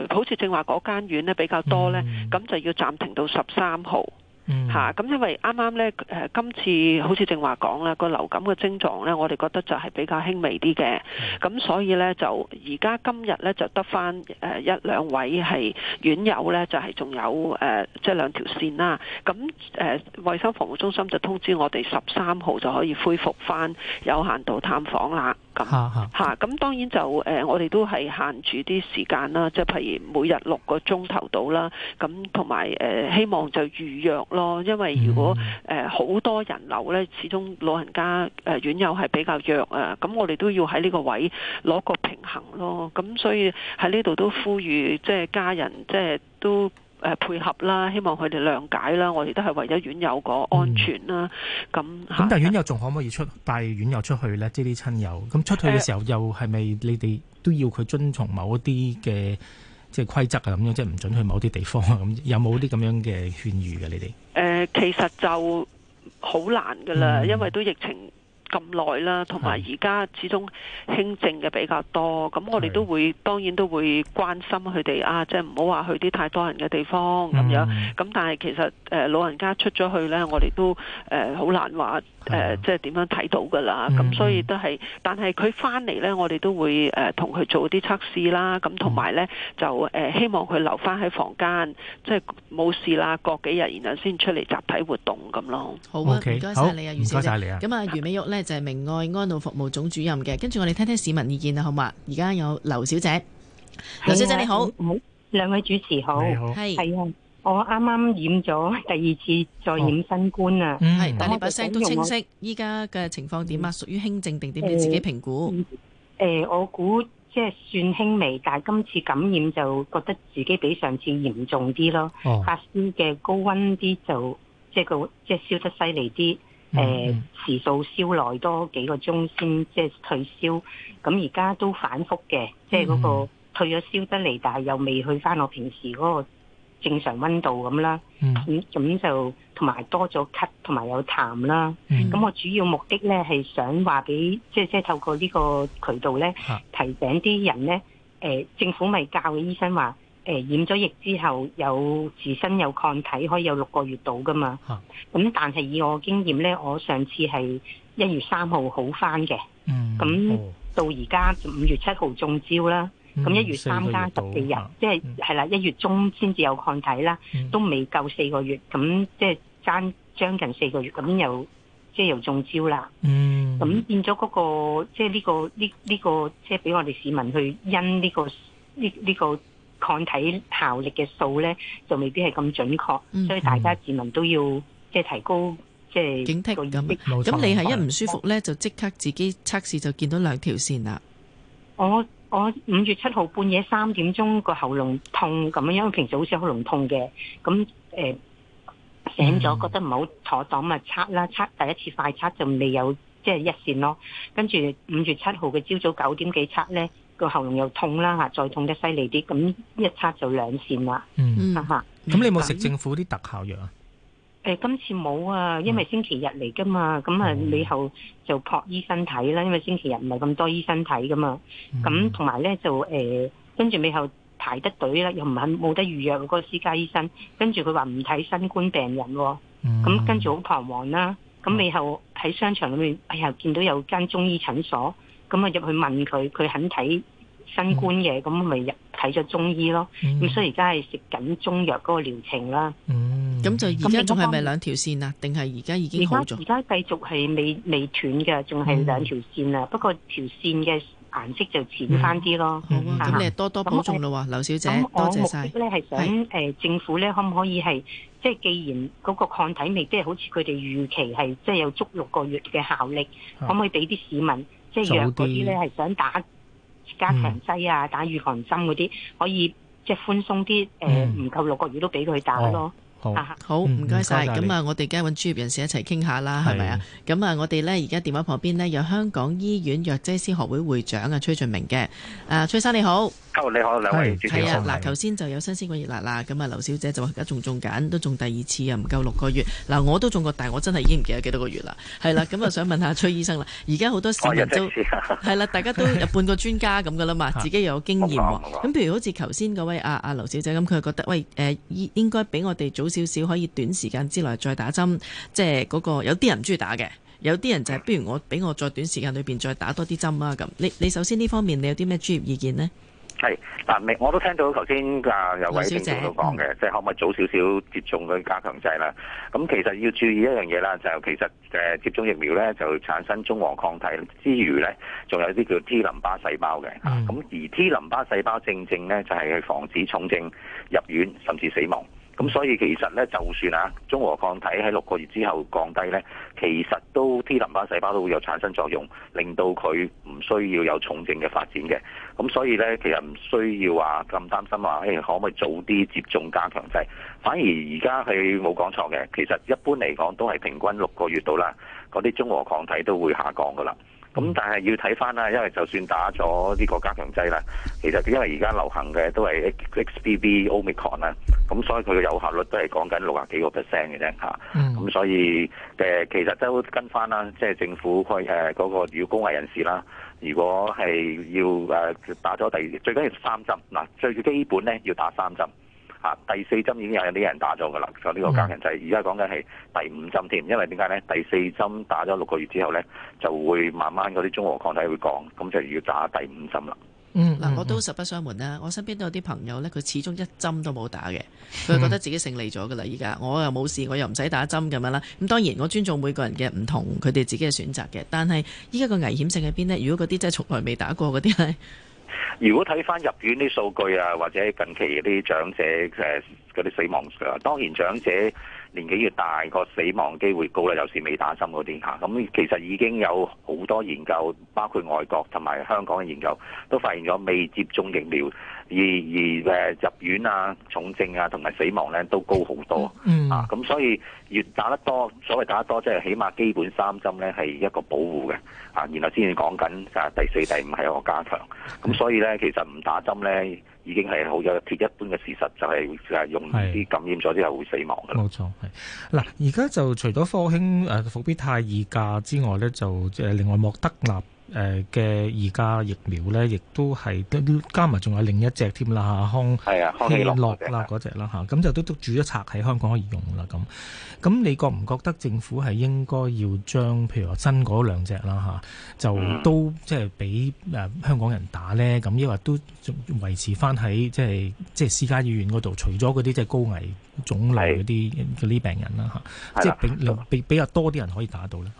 誒好似正話嗰間院咧比較多咧，咁就要暫停到十三號。吓咁、mm hmm. 因為啱啱咧，誒、呃、今次好似正話講咧，個流感嘅症狀咧，我哋覺得就係比較輕微啲嘅，咁、mm hmm. 所以咧就而家今日咧就得翻誒一兩位係院友咧，就係、是、仲有誒即係兩條線啦、啊，咁誒衛生防護中心就通知我哋十三號就可以恢復翻有限度探訪啦，咁吓吓，咁、mm hmm. 啊嗯、當然就誒、呃、我哋都係限住啲時間啦，即係譬如每日六個鐘頭到啦，咁同埋誒希望就預約。咯，因為如果誒好、呃、多人流咧，始終老人家誒、呃、院友係比較弱啊，咁我哋都要喺呢個位攞個平衡咯。咁所以喺呢度都呼籲，即係家人，即係都誒、呃、配合啦，希望佢哋諒解啦。我哋都係為咗院友個安全啦、啊。咁咁、嗯、樣但院友仲可唔可以出帶院友出去呢？即係啲親友咁出去嘅時候，呃、又係咪你哋都要佢遵從某一啲嘅？即係規則啊咁樣，即係唔准去某啲地方啊咁，有冇啲咁樣嘅勸喻嘅、啊、你哋？誒、呃，其實就好難噶啦，嗯、因為都疫情咁耐啦，同埋而家始終輕症嘅比較多，咁是我哋都會當然都會關心佢哋啊，即係唔好話去啲太多人嘅地方咁、嗯、樣。咁、嗯、但係其實誒、呃、老人家出咗去呢，我哋都誒好、呃、難話。誒、嗯呃，即係點樣睇到噶啦？咁、嗯嗯、所以都係，但係佢翻嚟呢，我哋都會誒同佢做啲測試啦。咁同埋呢，就誒、呃、希望佢留翻喺房間，即係冇事啦。過幾日然後先出嚟集體活動咁咯。好啊，唔該晒你啊，好余小姐。唔該晒你啊。咁啊，余美玉呢，就係、是、明愛安老服務總主任嘅。跟住我哋聽聽市民意見啦，好嘛？而家有劉小姐，劉的小姐你好，兩位主持好，係係好。我啱啱染咗第二次再染新冠啊！係、哦嗯，但你把聲都清晰。依家嘅情況點啊？屬於輕症定點你自己評估？誒、呃呃，我估即係算輕微，但係今次感染就覺得自己比上次嚴重啲咯。哦、發燒嘅高溫啲就即係個即係燒得犀利啲。誒，時數燒耐多幾個鐘先即係退燒。咁而家都反覆嘅，即係、那、嗰個退咗燒得嚟，但係又未去返我平時嗰個。正常溫度咁啦，咁咁、嗯嗯嗯、就同埋多咗咳，同埋有痰啦。咁、嗯、我主要目的咧係想話俾，即係即係透過呢個渠道咧，提醒啲人咧，誒、呃、政府咪教嘅醫生話，誒、呃、染咗疫之後有自身有抗體可以有六個月到㗎嘛。咁、嗯、但係以我經驗咧，我上次係一月三號好返嘅，咁、嗯、到而家五月七號中招啦。咁一月三加十幾日，即係係啦。一月中先至有抗體啦，都未夠四個月，咁即係爭將近四個月，咁又即係又中招啦。嗯，咁變咗嗰個即係呢個呢呢個，即係俾我哋市民去因呢個呢呢個抗體效力嘅數咧，就未必係咁準確，所以大家市民都要即係提高即係警惕咁。咁你係一唔舒服咧，就即刻自己測試就見到兩條線啦。我。我五月七號半夜三點鐘，個喉嚨痛咁樣，因為平時好似喉嚨痛嘅，咁誒、呃、醒咗覺得唔係好妥當咪測啦，測第一次快測就未有即係一線咯，跟住五月七號嘅朝早九點幾測呢，個喉嚨又痛啦吓，再痛得犀利啲，咁一測就兩線啦，嗯吓，咁哈、嗯、你有冇食政府啲特效藥啊？誒、欸，今次冇啊，因為星期日嚟噶嘛，咁啊，尾後就撲醫生睇啦，因為星期日唔係咁多醫生睇噶嘛。咁同埋咧就誒，跟住尾後排得隊啦，又唔肯冇得預約嗰個私家醫生，跟住佢話唔睇新冠病人，咁跟住好彷徨啦。咁尾後喺商場裏面，哎呀，見到有間中醫診所，咁啊入去問佢，佢肯睇。新冠嘅，咁咪入睇咗中醫咯，咁所以而家係食緊中藥嗰個療程啦。嗯，咁就而家仲係咪兩條線啊？定係而家已經好咗？而家而家繼續係未未斷嘅，仲係兩條線啊。不過條線嘅顏色就淺翻啲咯。好咁、嗯嗯、吧你多多保重啦，哇我，劉小姐，我多謝曬。我目的咧係想誒是、呃、政府咧，可唔可以係即係既然嗰個抗體未即係好似佢哋預期係即係有足六個月嘅效力，的可唔可以俾啲市民即係藥嗰啲咧係想打？加強劑啊，打預防針嗰啲可以即係寬鬆啲，誒唔、嗯呃，夠六個月都俾佢打咯。好唔該晒，咁啊我哋梗係揾專業人士一齊傾下啦，係咪是啊？咁啊我哋呢而家電話旁邊呢，有香港醫院藥劑師學會會會長啊崔俊明嘅，啊崔生你好。好，oh, 你好，兩位主持人係啊，嗱，頭先就有新鮮滾熱辣啦。咁啊，劉小姐就話而家仲種緊，都種第二次啊，唔夠六個月。嗱，我都種過，但係我真係已經唔記得幾多個月啦。係啦，咁啊，想問下崔醫生啦。而家好多市民都係、哦、啦，大家都有半個專家咁噶啦嘛， 自己又有經驗。咁、啊、譬如好似頭先嗰位啊，阿、啊、劉小姐咁，佢又覺得喂，誒、呃，應應該俾我哋早少少，可以短時間之內再打針，即係嗰個有啲人唔中意打嘅，有啲人,人就係不如我俾我再短時間裏邊再打多啲針啊。咁，你你首先呢方面，你有啲咩專業意見呢？係，嗱，你我都聽到頭先啊有位先生都講嘅，嗯、即係可唔可以早少少接種嗰啲加強劑啦？咁其實要注意一樣嘢啦，就係、其實誒接種疫苗咧，就產生中和抗體之餘咧，仲有啲叫 T 淋巴細胞嘅。咁而 T 淋巴細胞正正咧，就係去防止重症入院甚至死亡。咁所以其實咧，就算啊，中和抗體喺六個月之後降低咧，其實都 T 淋巴細胞都會有產生作用，令到佢唔需要有重症嘅發展嘅。咁所以咧，其實唔需要話咁擔心話、啊，誒可唔可以早啲接種加強劑？反而而家佢冇講錯嘅，其實一般嚟講都係平均六個月到啦，嗰啲中和抗體都會下降噶啦。咁、嗯、但係要睇翻啦，因為就算打咗呢個加強劑啦，其實因為而家流行嘅都係 XBB Omicron 啦，咁所以佢嘅有效率都係講緊六十幾個 percent 嘅啫嚇。咁、嗯嗯、所以誒、呃，其實都跟翻啦，即、就、係、是、政府佢誒嗰個要高危人士啦，如果係要誒打咗第二，最緊要三針嗱，最基本咧要打三針。啊、第四針已經有啲人打咗嘅啦，就呢個加強劑。而家講緊係第五針添，因為點解呢？第四針打咗六個月之後呢，就會慢慢嗰啲中和抗體會降，咁就要打第五針啦。嗱、嗯嗯嗯，我都實不相瞞啦，我身邊都有啲朋友呢，佢始終一針都冇打嘅，佢覺得自己勝利咗嘅啦。而家我又冇事，我又唔使打針咁樣啦。咁當然我尊重每個人嘅唔同，佢哋自己嘅選擇嘅。但係依家個危險性喺邊呢？如果嗰啲真係從來未打過嗰啲呢。如果睇翻入院啲數據啊，或者近期啲長者嗰啲死亡啊，當然長者年紀越大個死亡機會高啦，尤其未打針嗰啲嚇。咁、嗯、其實已經有好多研究，包括外國同埋香港嘅研究，都發現咗未接種疫苗，而而誒入院啊、重症啊同埋死亡咧都高好多，嗯、啊咁所以越打得多，所謂打得多即係起碼基本三針咧係一個保護嘅，啊然後先至講緊誒第四、第五係一個加強，咁、嗯啊、所以咧其實唔打針咧已經係好有一鐵一般嘅事實，就係誒容易啲感染咗之後會死亡嘅啦。冇錯，嗱而家就除咗科興誒復、呃、必泰二價之外咧，就誒、呃、另外莫德納。誒嘅而家疫苗咧，亦都係加埋仲有另一隻添啦，康希諾啦嗰隻啦嚇，咁就都都註咗冊，喺香港可以用啦咁。咁你覺唔覺得政府係應該要將譬如話新嗰兩隻啦嚇，就都、嗯、即係俾誒香港人打咧？咁抑或都維持翻喺即係即係私家醫院嗰度，除咗嗰啲即係高危種類嗰啲啲病人啦嚇，啊、的即係比比較多啲人可以打到啦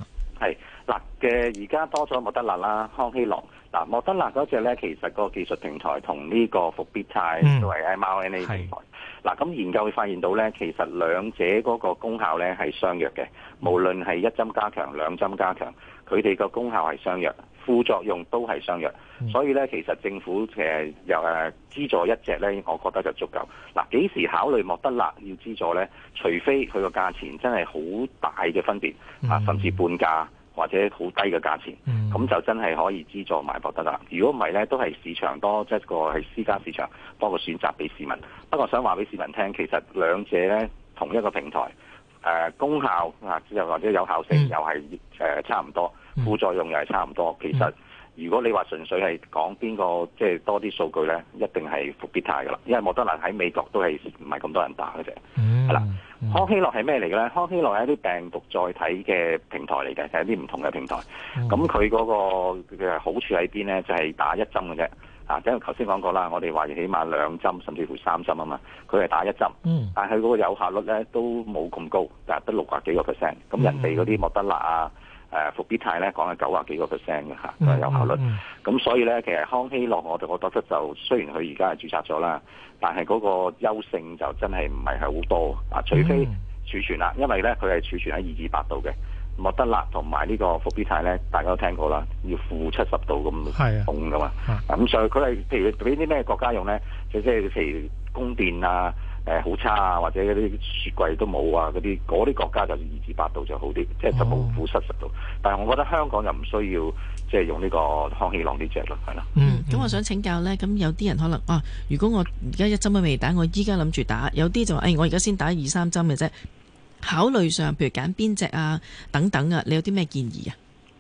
嘅而家多咗莫德納啦、康希諾。嗱，莫德納嗰隻咧，其實個技術平台同呢個復必泰都係 mRNA 平台。嗱是，咁研究會發現到咧，其實兩者嗰個功效咧係相若嘅，嗯、無論係一針加強、兩針加強，佢哋個功效係相若，副作用都係相若。嗯、所以咧，其實政府誒又誒資助一隻咧，我覺得就足夠。嗱，幾時考慮莫德納要資助咧？除非佢個價錢真係好大嘅分別啊，甚至半價。或者好低嘅價錢，咁就真係可以資助買博得啦。如果唔係呢，都係市場多即係、就是、個係私家市場多個選擇俾市民。不過想話俾市民聽，其實兩者呢，同一個平台，呃、功效啊，又、呃、或者有效性又係、呃、差唔多，副作用又係差唔多，其實。如果你話純粹係講邊個即係多啲數據呢，一定係復必泰㗎啦，因為莫德納喺美國都係唔係咁多人打嘅啫。係、嗯、啦，康希諾係咩嚟嘅呢？康希諾係一啲病毒載體嘅平台嚟嘅，係一啲唔同嘅平台。咁佢嗰個嘅好處喺邊呢？就係、是、打一針嘅啫。啊，因為頭先講過啦，我哋話要起碼兩針，甚至乎三針啊嘛。佢係打一針，嗯、但係佢嗰個有效率呢都冇咁高，就係得六十幾個 percent。咁人哋嗰啲莫德納啊。誒復必泰咧，講緊九十幾個 percent 嘅嚇，就係有效率。咁、嗯嗯嗯、所以咧，其實康希諾我我覺得就雖然佢而家係註冊咗啦，但係嗰個優勝就真係唔係好多啊。除非儲存啦，因為咧佢係儲存喺二至八度嘅。莫德納同埋呢個復必泰咧，大家都聽過啦，要負七十度咁凍噶嘛。咁、啊嗯、所以佢係譬如俾啲咩國家用咧，即係譬如供電啊。誒好、呃、差啊，或者嗰啲雪櫃都冇啊，嗰啲啲國家就二至八度就好啲，即係、哦、就冇負七十度。但係我覺得香港就唔需要即係、就是、用呢個康希諾呢隻咯，係啦、嗯。嗯，咁我想請教呢，咁有啲人可能啊，如果我而家一針都未打，我依家諗住打，有啲就話誒，我而家先打二三針嘅啫。考慮上，譬如揀邊隻啊，等等啊，你有啲咩建議啊？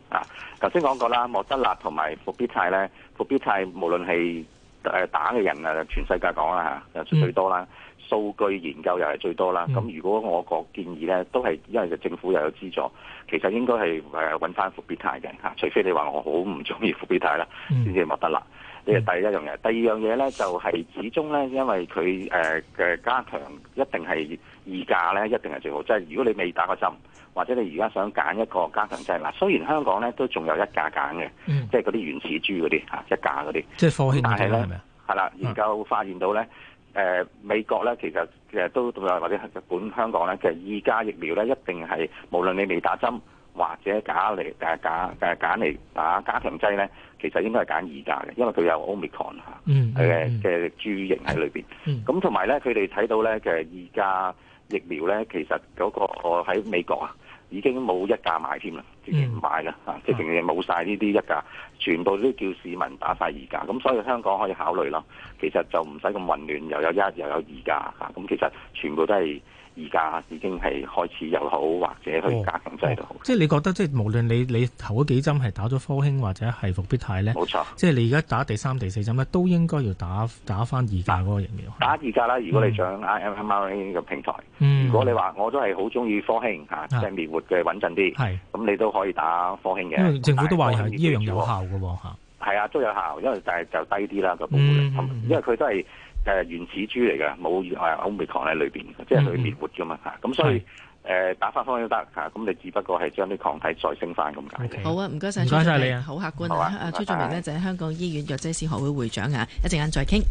啊、嗯，頭先講過啦，莫德納同埋復必泰呢，復必泰無論係誒打嘅人啊，全世界講啦嚇，最多啦。數據研究又係最多啦，咁、嗯、如果我個建議咧，都係因為政府又有資助，其實應該係誒揾翻復必泰嘅嚇，除非你話我好唔中意復必泰啦，先至冇得啦。呢個第一樣嘢，嗯、第二樣嘢咧就係始終咧，因為佢誒嘅加強一定係二價咧，一定係最好。即、就、係、是、如果你未打過針，或者你而家想揀一個加強劑，嗱，雖然香港咧都仲有一價揀嘅，即係嗰啲原始株嗰啲嚇一價嗰啲，即係放棄。但係咧，係啦、嗯，研究發現到咧。嗎 誒、呃、美國咧，其實誒都同埋或者日本香港咧，其實二價疫苗咧一定係無論你未打針或者假嚟誒假誒假嚟打加強劑咧，其實應該係揀二價嘅，因為佢有 Omicron 嚇誒嘅株型喺裏邊。咁同埋咧，佢哋睇到咧，其實二價疫苗咧，其實嗰個喺美國啊。已經冇一價買添啦，直情唔買啦，啊，mm. 即係冇晒呢啲一價，全部都叫市民打晒二價，咁所以香港可以考慮咯。其實就唔使咁混亂，又有一又有二價吓，咁其實全部都係。而家已經係開始又好，或者去加強劑都好。哦哦、 即係你覺得，即係無論你你頭幾針，係打咗科興或者係伏必泰咧，冇錯。即係你而家打第三、第四針咧，都應該要打打翻二價嗰個疫苗。打，打二價啦，如果你想 mRNA 呢個平台。嗯、如果你話我都係好中意科興嚇，啊嗯、即係滅活嘅穩陣啲。係是。咁你都可以打科興嘅。因為政府都話係一樣有效嘅喎嚇。係啊，都、啊、有效，因為但係就低啲啦個保護率，嗯，因為佢、嗯、都係。原始株嚟嘅，冇誒，抗喺裏邊，嗯嗯、即係裏邊活噶嘛嚇，咁、嗯、所以誒是、呃、打翻翻都得嚇，咁、啊、你只不過係將啲抗體再升翻咁解。啫，Okay. 好啊，唔該該曬多謝你啊，好客觀啊。阿崔俊明呢，拜拜就係香港醫院藥劑師學會，會會長啊，一陣間再傾。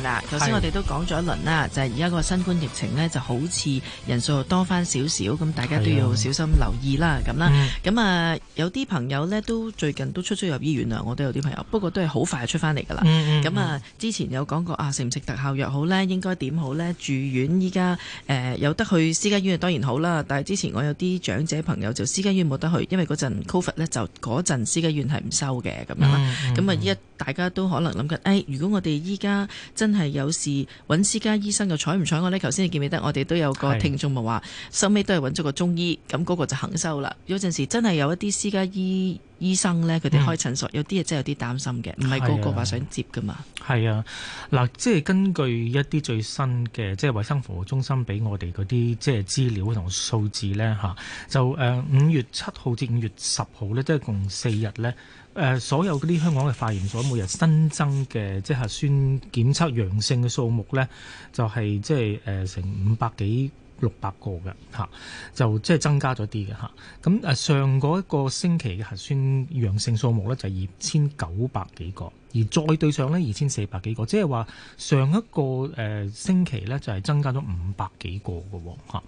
啦，頭先我哋都講咗一輪啦，就係而家個新冠疫情呢，就好似人數多翻少少，咁大家都要小心留意啦，咁啦，咁啊有啲朋友呢，都最近都出出入醫院啦，我都有啲朋友，不過都係好快就出翻嚟噶啦。咁啊的，之前有講過啊，食唔食特效藥好呢，應該點好呢？住院依家誒有得去私家醫院當然好啦，但係之前我有啲長者朋友就私家醫院冇得去，因為嗰陣 covid 咧就嗰陣私家醫院係唔收嘅咁樣啦。咁啊依家大家都可能諗緊，誒、哎、如果我哋依家真係有事揾私家醫生又睬唔睬我呢？頭先你記唔記得？我哋都有個聽眾咪話，收尾是都係揾咗個中醫，咁嗰個就肯收啦。有陣時真係有一啲私家醫醫生呢，佢哋開診所，嗯、有啲嘢真係有啲擔心嘅，唔係個個話想接㗎嘛。係啊，嗱、啊，即係根據一啲最新嘅即係衞生服務中心俾我哋嗰啲即係資料同數字呢。吓，就誒五月七號至五月十號呢，即係共四日呢。誒、呃、所有啲香港嘅化驗所每日新增嘅即係核酸檢測陽性嘅數目咧，就係、是、即係誒、呃、成五百幾六百個嘅吓、啊，就即係增加咗啲嘅吓，咁、啊、誒上個一個星期嘅核酸陽性數目咧，就係二千九百幾個。而再對上呢，二千四百幾個，即係話上一個誒、呃、星期呢，就係、是、增加咗五百幾個嘅喎、哦，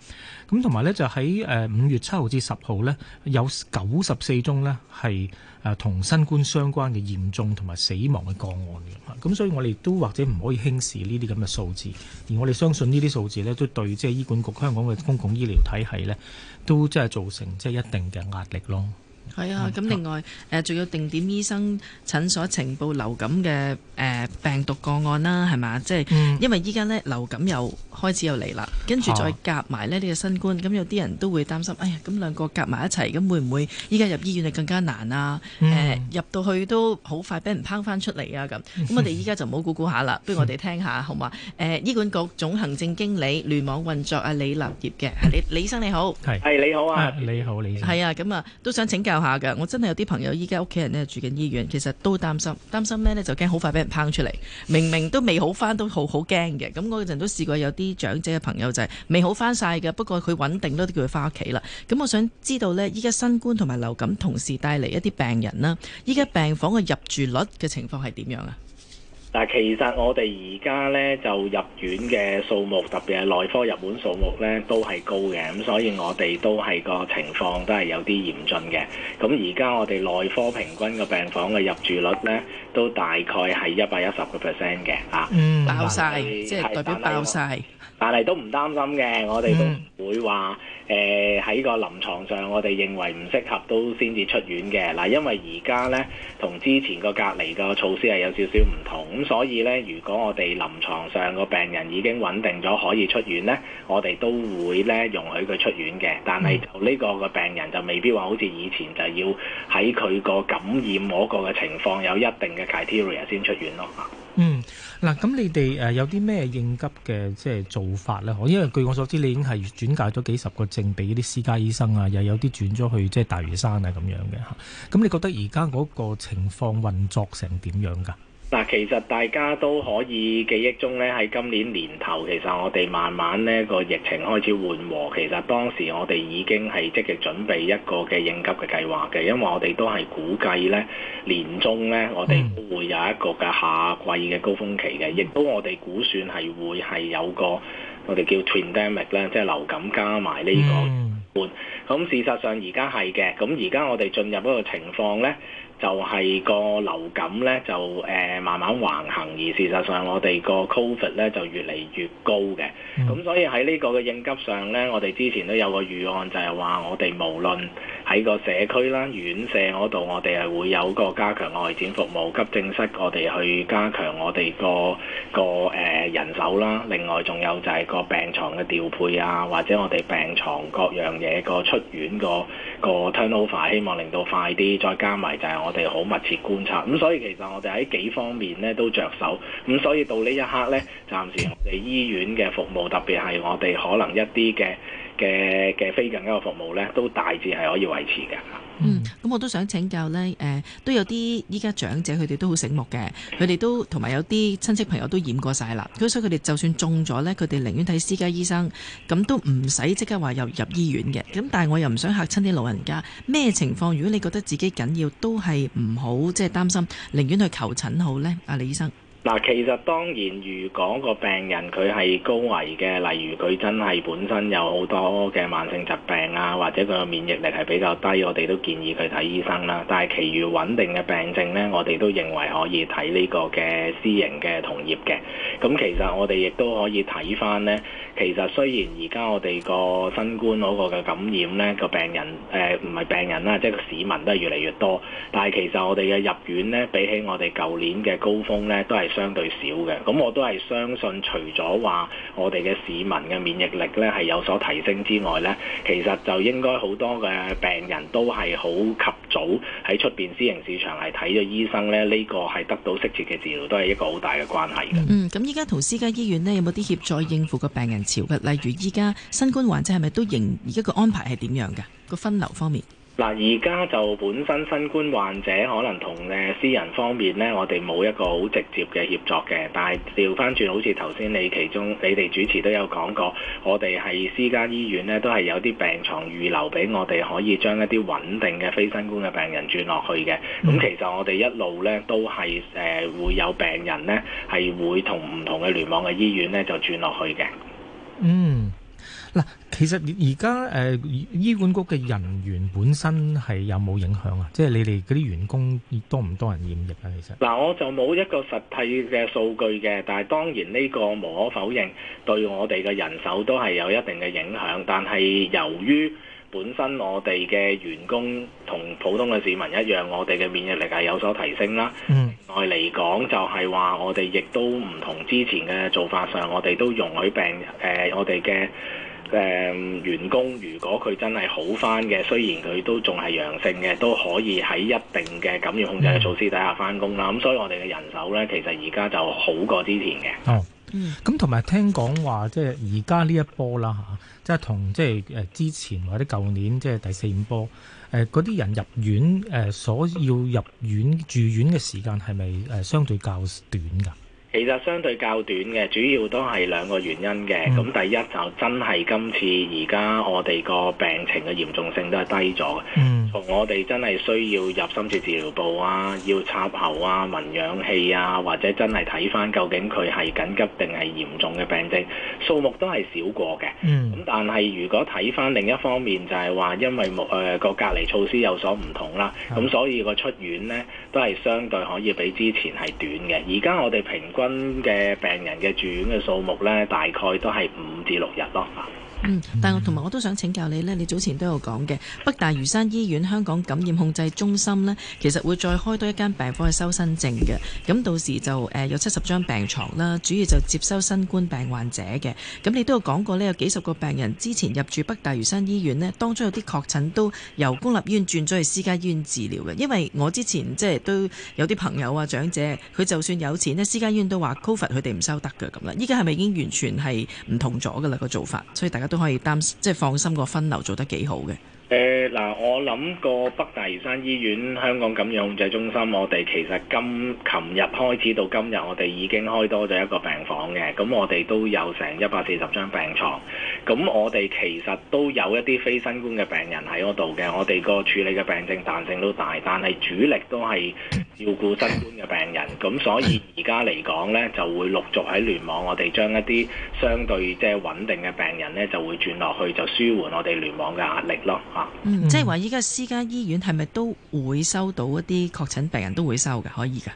咁同埋呢，就喺誒五月七號至十號呢，有九十四宗呢係誒同新冠相關嘅嚴重同埋死亡嘅個案嘅。咁、啊、所以我哋都或者唔可以輕視呢啲咁嘅數字，而我哋相信呢啲數字呢，都對即係醫管局香港嘅公共醫療體系呢，都即係造成即係一定嘅壓力咯。係啊，咁另外誒，仲、啊、有定點醫生診所呈報流感嘅誒、啊、病毒個案啦，係嘛？即、就、係、是、因為依家咧流感又開始又嚟啦，跟住再夾埋咧呢個新冠，咁有啲人都會擔心，哎、啊、呀，咁、啊啊、兩個夾埋一齊，咁、啊、會唔會依家入醫院就更加難啊？誒、啊，入到去都好快俾人拋翻出嚟啊！咁，咁我哋依家就唔好估估下啦，不如我哋聽下好嘛？誒、啊，醫管局總行政經理聯網運作啊，李立業嘅李李醫生你好，係你好啊，啊你好李醫生，係啊，咁啊都想請教。下嘅，我真係有啲朋友依家屋企人咧住緊醫院，其實都擔心，擔心咩呢？就驚好快俾人抨出嚟，明明都未好翻，都好好驚嘅。咁我嗰陣都試過有啲長者嘅朋友就係未好翻晒嘅，不過佢穩定都叫佢翻屋企啦。咁我想知道呢，依家新冠同埋流感同時帶嚟一啲病人啦，依家病房嘅入住率嘅情況係點樣啊？嗱，其實我哋而家咧就入院嘅數目，特別係內科入院數目咧，都係高嘅。咁所以我哋都係個情況都係有啲嚴峻嘅。咁而家我哋內科平均個病房嘅入住率咧，都大概係一百一十個 percent 嘅。嚇，嗯，爆晒。即係了是代表爆曬。但係都唔擔心嘅，我哋都唔會話誒喺個臨床上，我哋認為唔適合都先至出院嘅嗱，因為而家咧同之前個隔離個措施係有少少唔同，咁所以咧，如果我哋臨床上個病人已經穩定咗可以出院咧，我哋都會咧容許佢出院嘅，但係就呢個個病人就未必話好似以前就要喺佢個感染嗰個嘅情況有一定嘅 criteria 先出院咯。嗯，嗱，咁你哋誒有啲咩應急嘅即係做法咧？可因為據我所知，你已經係轉介咗幾十個症俾啲私家醫生啊，又有啲轉咗去即係大嶼山啊咁樣嘅吓。咁你覺得而家嗰個情況運作成點樣噶？嗱，其實大家都可以記憶中咧，喺今年年頭，其實我哋慢慢咧個疫情開始緩和，其實當時我哋已經係積極準備一個嘅應急嘅計劃嘅，因為我哋都係估計咧年中咧我哋都會有一個嘅夏季嘅高峰期嘅，亦都我哋估算係會係有個我哋叫 twindemic 咧，即係流感加埋呢、這個，咁事實上而家係嘅，咁而家我哋進入一個情況咧。就係個流感咧，就誒、呃、慢慢橫行，而事實上我哋個 Covid 咧就越嚟越高嘅，咁、mm hmm. 所以喺呢個嘅應急上咧，我哋之前都有個預案，就係話我哋無論喺個社區啦、院舍嗰度，我哋係會有個加強外展服務、急症室，我哋去加強我哋個個誒人手啦。另外仲有就係個病床嘅調配啊，或者我哋病床各樣嘢個出院個個 turnover，希望令到快啲。再加埋就係我。我哋好密切觀察，咁所以其實我哋喺幾方面咧都着手，咁所以到呢一刻咧，暫時我哋醫院嘅服務，特別係我哋可能一啲嘅嘅嘅非緊急嘅服務咧，都大致係可以維持嘅。嗯，咁我都想請教呢，誒、呃、都有啲依家長者佢哋都好醒目嘅，佢哋都同埋有啲親戚朋友都染過晒啦，咁所以佢哋就算中咗呢，佢哋寧願睇私家醫生，咁都唔使即刻話入入醫院嘅。咁但係我又唔想嚇親啲老人家，咩情況如果你覺得自己緊要，都係唔好即係擔心，寧願去求診好呢？阿李醫生。嗱，其實當然，如果個病人佢係高危嘅，例如佢真係本身有好多嘅慢性疾病啊，或者佢嘅免疫力係比較低，我哋都建議佢睇醫生啦。但係，其餘穩定嘅病症呢，我哋都認為可以睇呢個嘅私營嘅同業嘅。咁其實我哋亦都可以睇返呢。其實雖然而家我哋個新冠嗰個嘅感染呢，個病人誒唔係病人啦，即係個市民都係越嚟越多。但係其實我哋嘅入院呢，比起我哋舊年嘅高峰呢，都係。相對少嘅咁，我都係相信，除咗話我哋嘅市民嘅免疫力咧係有所提升之外咧，其實就應該好多嘅病人都係好及早喺出邊私營市場嚟睇咗醫生咧。呢、這個係得到適切嘅治療，都係一個好大嘅關係嘅、嗯。嗯，咁依家同私家醫院呢，有冇啲協助應付個病人潮嘅？例如依家新冠患者係咪都仍，而家個安排係點樣嘅？個分流方面？嗱，而家就本身新冠患者可能同嘅私人方面咧，我哋冇一個好直接嘅協作嘅。但係調翻轉，好似頭先你其中你哋主持都有講過，我哋係私家醫院咧，都係有啲病床預留俾我哋可以將一啲穩定嘅非新冠嘅病人轉落去嘅。咁其實我哋一路咧都係誒、呃、會有病人咧係會同唔同嘅聯網嘅醫院咧就轉落去嘅。嗯。嗱，其實而而家誒醫管局嘅人員本身係有冇影響啊？即係你哋嗰啲員工多唔多人染疫啊？其實嗱，我就冇一個實體嘅數據嘅，但係當然呢個無可否認對我哋嘅人手都係有一定嘅影響。但係由於本身我哋嘅員工同普通嘅市民一樣，我哋嘅免疫力係有所提升啦。嗯，外嚟講就係話我哋亦都唔同之前嘅做法上，我哋都容許病誒我哋嘅。誒、呃、員工如果佢真係好返嘅，雖然佢都仲係陽性嘅，都可以喺一定嘅感染控制嘅措施底下返工啦。咁、嗯嗯、所以我哋嘅人手呢，其實而家就好過之前嘅。嗯、哦，咁同埋聽講話，即係而家呢一波啦吓，即係同即係之前或者舊年即係、就是、第四五波，嗰、呃、啲人入院誒、呃、所要入院住院嘅時間係咪誒相對較短㗎？其實相對較短嘅，主要都係兩個原因嘅。咁第一就真係今次而家我哋個病情嘅嚴重性都係低咗。同我哋真係需要入深切治療部啊，要插喉啊、聞氧氣啊，或者真係睇翻究竟佢係緊急定係嚴重嘅病症，數目都係少過嘅。嗯，咁但係如果睇翻另一方面，就係、是、話因為冇誒個隔離措施有所唔同啦，咁、mm. 所以個出院呢都係相對可以比之前係短嘅。而家我哋平均嘅病人嘅住院嘅數目呢，大概都係五至六日咯。嗯，但係我同埋我都想請教你呢，你早前都有講嘅，北大嶼山醫院香港感染控制中心呢，其實會再開多一間病房去收新症嘅，咁到時就誒、呃、有七十張病床啦，主要就接收新冠病患者嘅。咁你都有講過呢，有幾十個病人之前入住北大嶼山醫院呢，當中有啲確診都由公立醫院轉咗去私家醫院治療嘅，因為我之前即係都有啲朋友啊長者，佢就算有錢呢，私家醫院都話 Covid，佢哋唔收得嘅咁啦。依家係咪已經完全係唔同咗嘅啦個做法？所以大家。都可以擔心，即係放心個分流做得幾好嘅。誒嗱、呃，我諗過北大嶼山醫院香港感染控制中心，我哋其實今琴日開始到今日，我哋已經開多咗一個病房嘅。咁我哋都有成一百四十張病床。咁我哋其實都有一啲非新冠嘅病人喺嗰度嘅。我哋個處理嘅病症彈性都大，但係主力都係照顧新冠嘅病人。咁所以而家嚟講呢，就會陸續喺聯網，我哋將一啲相對即係穩定嘅病人呢，就會轉落去就舒緩我哋聯網嘅壓力咯。嗯、即係話，依家私家醫院係咪都會收到一啲確診病人都會收噶，可以噶。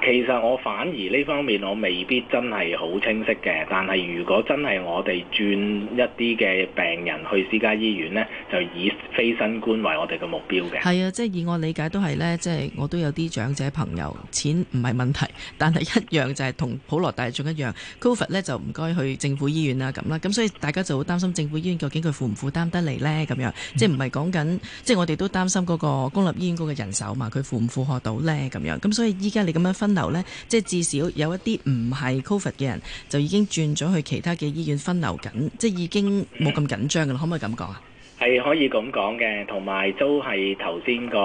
其實我反而呢方面我未必真係好清晰嘅，但係如果真係我哋轉一啲嘅病人去私家醫院呢，就以非新冠為我哋嘅目標嘅。係啊，即係以我理解都係呢，即係我都有啲長者朋友，錢唔係問題，但係一樣就係同普羅大眾一樣，Covid 呢就唔該去政府醫院啦咁啦，咁所以大家就好擔心政府醫院究竟佢負唔負擔得嚟呢？咁樣、嗯、即係唔係講緊，即係我哋都擔心嗰個公立醫院嗰個人手嘛，佢負唔負荷到呢？咁樣咁所以依家你咁樣。分流呢，即係至少有一啲唔係 Covid 嘅人，就已經轉咗去其他嘅醫院分流緊，即係已經冇咁緊張噶啦，可唔可以咁講啊？係可以咁講嘅，同埋都係頭先個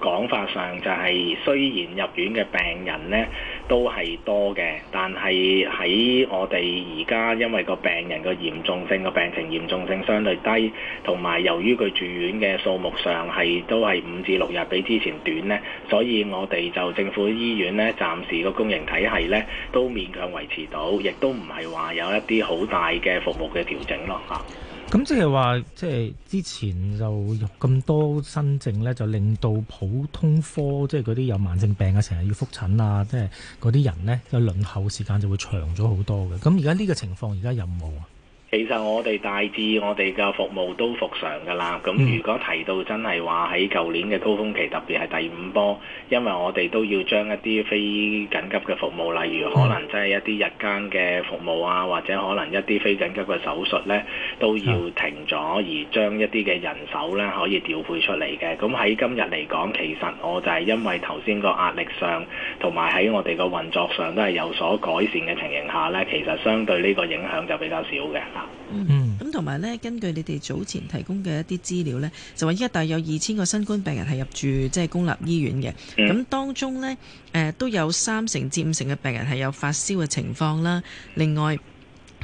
講法上就係、是、雖然入院嘅病人呢都係多嘅，但係喺我哋而家因為個病人個嚴重性個病情嚴重性相對低，同埋由於佢住院嘅數目上係都係五至六日比之前短呢，所以我哋就政府醫院呢暫時個公營體系呢都勉強維持到，亦都唔係話有一啲好大嘅服務嘅調整咯嚇。咁即係話，即係、就是、之前就咁多新症咧，就令到普通科即係嗰啲有慢性病啊，成日要複診啊，即係嗰啲人咧，個輪候時間就會長咗好多嘅。咁而家呢個情況，而家有冇？啊？其實我哋大致我哋嘅服務都復常㗎喇。咁如果提到真係話喺舊年嘅高峰期，特別係第五波，因為我哋都要將一啲非緊急嘅服務，例如可能真係一啲日間嘅服務啊，或者可能一啲非緊急嘅手術呢，都要停咗，而將一啲嘅人手呢可以調配出嚟嘅。咁喺今日嚟講，其實我就係因為頭先個壓力上，同埋喺我哋個運作上都係有所改善嘅情形下呢，其實相對呢個影響就比較少嘅。嗯，咁同埋呢，根據你哋早前提供嘅一啲資料呢，就話依家大約有二千個新冠病人係入住即係、就是、公立醫院嘅，咁當中呢，誒、呃、都有三成至五成嘅病人係有發燒嘅情況啦。另外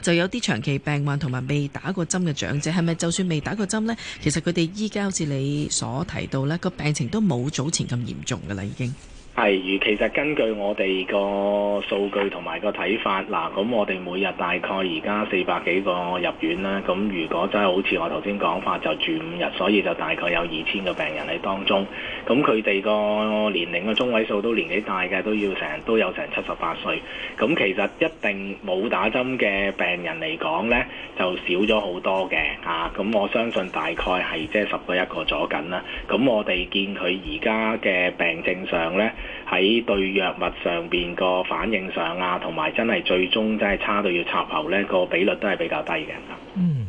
就有啲長期病患同埋未打過針嘅長者，係咪就算未打過針呢？其實佢哋依家好似你所提到呢個病情都冇早前咁嚴重噶啦，已經。係，其實根據我哋個數據同埋個睇法，嗱，咁我哋每日大概而家四百幾個入院啦。咁如果真係好似我頭先講法，就住五日，所以就大概有二千個病人喺當中。咁佢哋個年齡嘅中位數都年紀大嘅，都要成都有成七十八歲。咁其實一定冇打針嘅病人嚟講呢，就少咗好多嘅。啊，咁我相信大概係即係十個一個咗緊啦。咁我哋見佢而家嘅病症上呢，喺對藥物上邊個反應上啊，同埋真係最終真係差到要插喉呢個比率都係比較低嘅。嗯，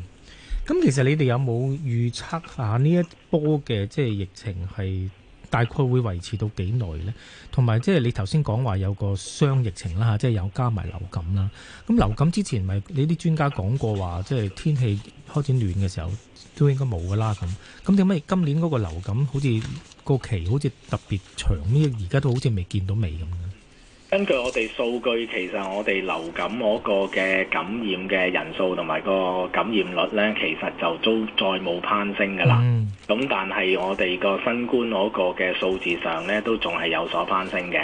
咁其實你哋有冇預測下呢一波嘅即係疫情係大概會維持到幾耐呢？同埋即係你頭先講話有個雙疫情啦，即、啊、係、就是、有加埋流感啦。咁、啊、流感之前咪你啲專家講過話，即、就、係、是、天氣開始暖嘅時候都應該冇㗎啦。咁咁點解今年嗰個流感好似個期好似特別長，咁而家都好似未見到尾咁。根據我哋數據，其實我哋流感嗰個嘅感染嘅人數同埋個感染率呢，其實就都再冇攀升噶啦。咁但係我哋個新冠嗰個嘅數字上呢，都仲係有所攀升嘅。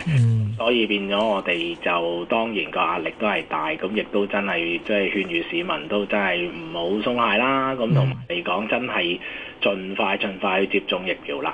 所以變咗我哋就當然個壓力都係大，咁亦都真係即係勸喻市民都真係唔好鬆懈啦。咁同埋嚟講真係盡快盡快去接種疫苗啦。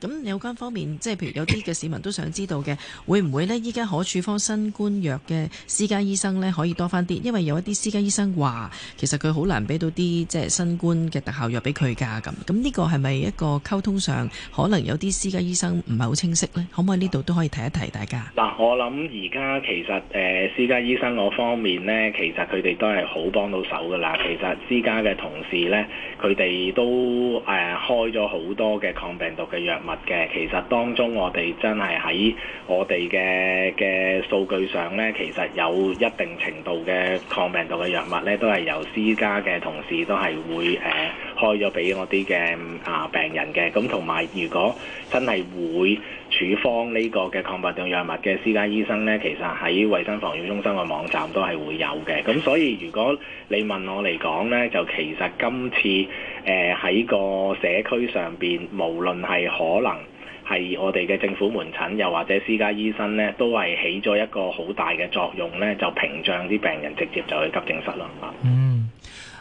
咁有關方面，即係譬如有啲嘅市民都想知道嘅，會唔會呢？依家可處方新冠藥嘅私家醫生呢，可以多翻啲，因為有一啲私家醫生話，其實佢好難俾到啲即係新冠嘅特效藥俾佢㗎咁。咁呢個係咪一個溝通上可能有啲私家醫生唔係好清晰呢，可唔可以呢度都可以提一提大家？嗱、呃，我諗而家其實誒、呃、私家醫生嗰方面呢，其實佢哋都係好幫到手㗎啦。其實私家嘅同事呢，佢哋都誒、呃、開咗好多嘅抗病毒嘅藥物嘅，其實當中我哋真係喺我哋嘅嘅數據上咧，其實有一定程度嘅抗病毒嘅藥物咧，都係由私家嘅同事都係會誒、呃、開咗俾我啲嘅啊病人嘅，咁同埋如果真係會。處方呢個嘅抗病毒藥物嘅私家醫生呢，其實喺衞生防護中心嘅網站都係會有嘅。咁所以如果你問我嚟講呢，就其實今次喺、呃、個社區上邊，無論係可能係我哋嘅政府門診，又或者私家醫生呢，都係起咗一個好大嘅作用呢，就屏障啲病人直接就去急症室咯。嗯。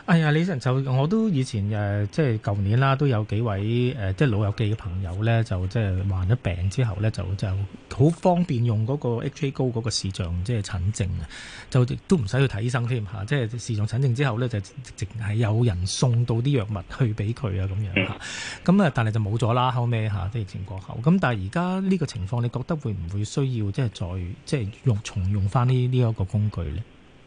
哎呀，李生，就我都以前誒、呃，即係舊年啦，都有幾位誒、呃，即係老友記嘅朋友咧，就即係患咗病之後咧，就就好方便用嗰個 HA 高嗰個視像即係診症啊，就都唔使去睇醫生添嚇，即係視像診症之後咧，就直係有人送到啲藥物去俾佢啊咁樣嚇。咁啊，但係就冇咗啦，後尾嚇疫情過後。咁、啊、但係而家呢個情況，你覺得會唔會需要即係再即係用重用翻呢呢一個工具咧？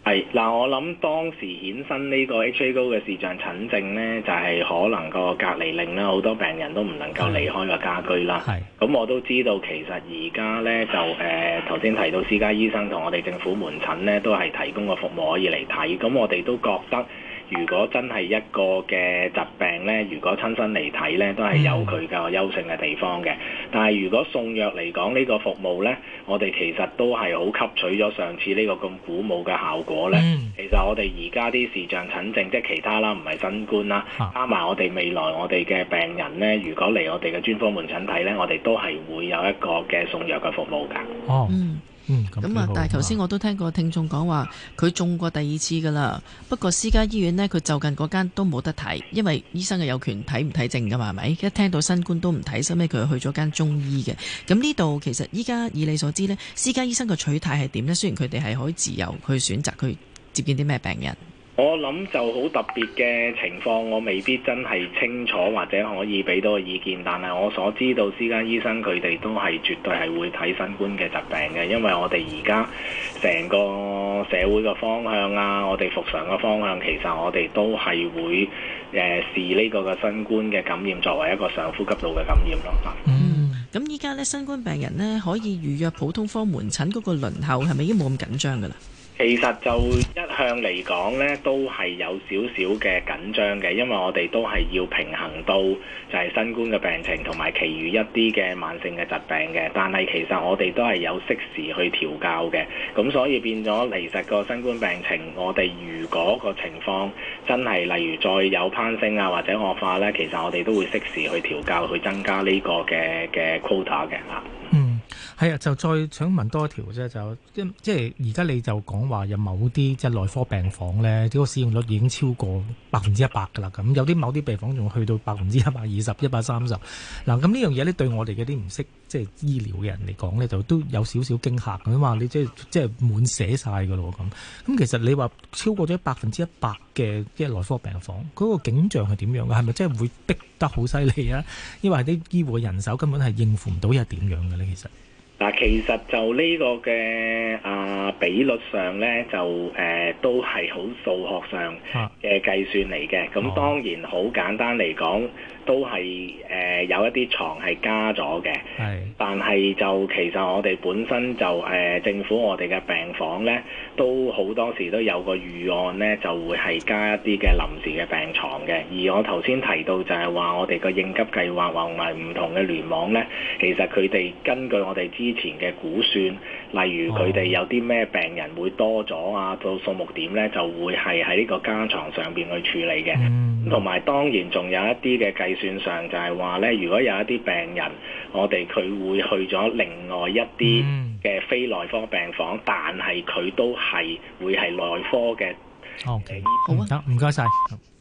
係嗱，我諗當時衍生呢個 HA 個視像診症呢，就係、是、可能個隔離令啦，好多病人都唔能夠離開個家居啦。咁的我都知道，其實而家呢，就誒，頭、呃、先提到私家醫生同我哋政府門診呢，都係提供個服務可以嚟睇，咁我哋都覺得。如果真係一個嘅疾病咧，如果親身嚟睇咧，都係有佢個優勝嘅地方嘅。但係如果送藥嚟講，呢個服務咧，我哋其實都係好吸取咗上次呢個咁鼓舞嘅效果咧。嗯、其實我哋而家啲視像診症，即係其他啦，唔係新冠啦。加埋我哋未來我哋嘅病人咧，如果嚟我哋嘅專科門診睇咧，我哋都係會有一個嘅送藥嘅服務㗎。哦，嗯。嗯，咁啊，但係頭先我都聽過聽眾講話，佢、嗯、中過第二次噶啦。不過私家醫院呢，佢就近嗰間都冇得睇，因為醫生係有權睇唔睇症噶嘛，係咪？一聽到新冠都唔睇，所以佢去咗間中醫嘅。咁呢度其實依家以你所知呢，私家醫生嘅取態係點呢？雖然佢哋係可以自由去選擇去接見啲咩病人。我諗就好特別嘅情況，我未必真係清楚或者可以俾到個意見，但係我所知道私家醫生佢哋都係絕對係會睇新冠嘅疾病嘅，因為我哋而家成個社會嘅方向啊，我哋復常嘅方向，其實我哋都係會誒、呃、視呢個嘅新冠嘅感染作為一個上呼吸道嘅感染咯。嗯，咁依家咧新冠病人咧可以預約普通科門診嗰個輪候係咪已經冇咁緊張㗎喇？其實就一向嚟講咧，都係有少少嘅緊張嘅，因為我哋都係要平衡到就係新冠嘅病情同埋其餘一啲嘅慢性嘅疾病嘅。但係其實我哋都係有適時去調教嘅，咁所以變咗，其實個新冠病情，我哋如果個情況真係例如再有攀升啊，或者惡化咧，其實我哋都會適時去調教，去增加呢個嘅嘅 quota 嘅啊。係啊，就再想問多一條啫，就即即係而家你就講話有某啲即係內科病房咧，嗰個使用率已經超過百分之一百噶啦。咁有啲某啲病房仲去到百分之一百二十、一百三十。嗱，咁呢樣嘢咧對我哋嗰啲唔識即係醫療嘅人嚟講咧，就都有少少驚嚇咁啊嘛。你即即係滿寫晒噶咯咁。咁其實你話超過咗百分之一百嘅即係內科病房嗰個景象係點樣嘅？係咪即係會逼得好犀利啊？因為啲醫護人手根本係應付唔到又係點樣嘅咧？其實？嗱，其實就呢個嘅啊比率上咧，就誒、呃、都係好數學上嘅計算嚟嘅。咁當然好簡單嚟講。都係誒、呃、有一啲床係加咗嘅，係的，但係就其實我哋本身就誒、呃、政府我哋嘅病房咧，都好多時都有個預案咧，就會係加一啲嘅臨時嘅病床嘅。而我頭先提到就係話我哋個應急計劃，同埋唔同嘅聯網咧，其實佢哋根據我哋之前嘅估算，例如佢哋有啲咩病人會多咗啊，到數目點咧，就會係喺呢個加床上邊去處理嘅。同埋、嗯、當然仲有一啲嘅計。算上就係話咧，如果有一啲病人，我哋佢會去咗另外一啲嘅非內科病房，但係佢都係會係內科嘅。好唔得，唔該曬。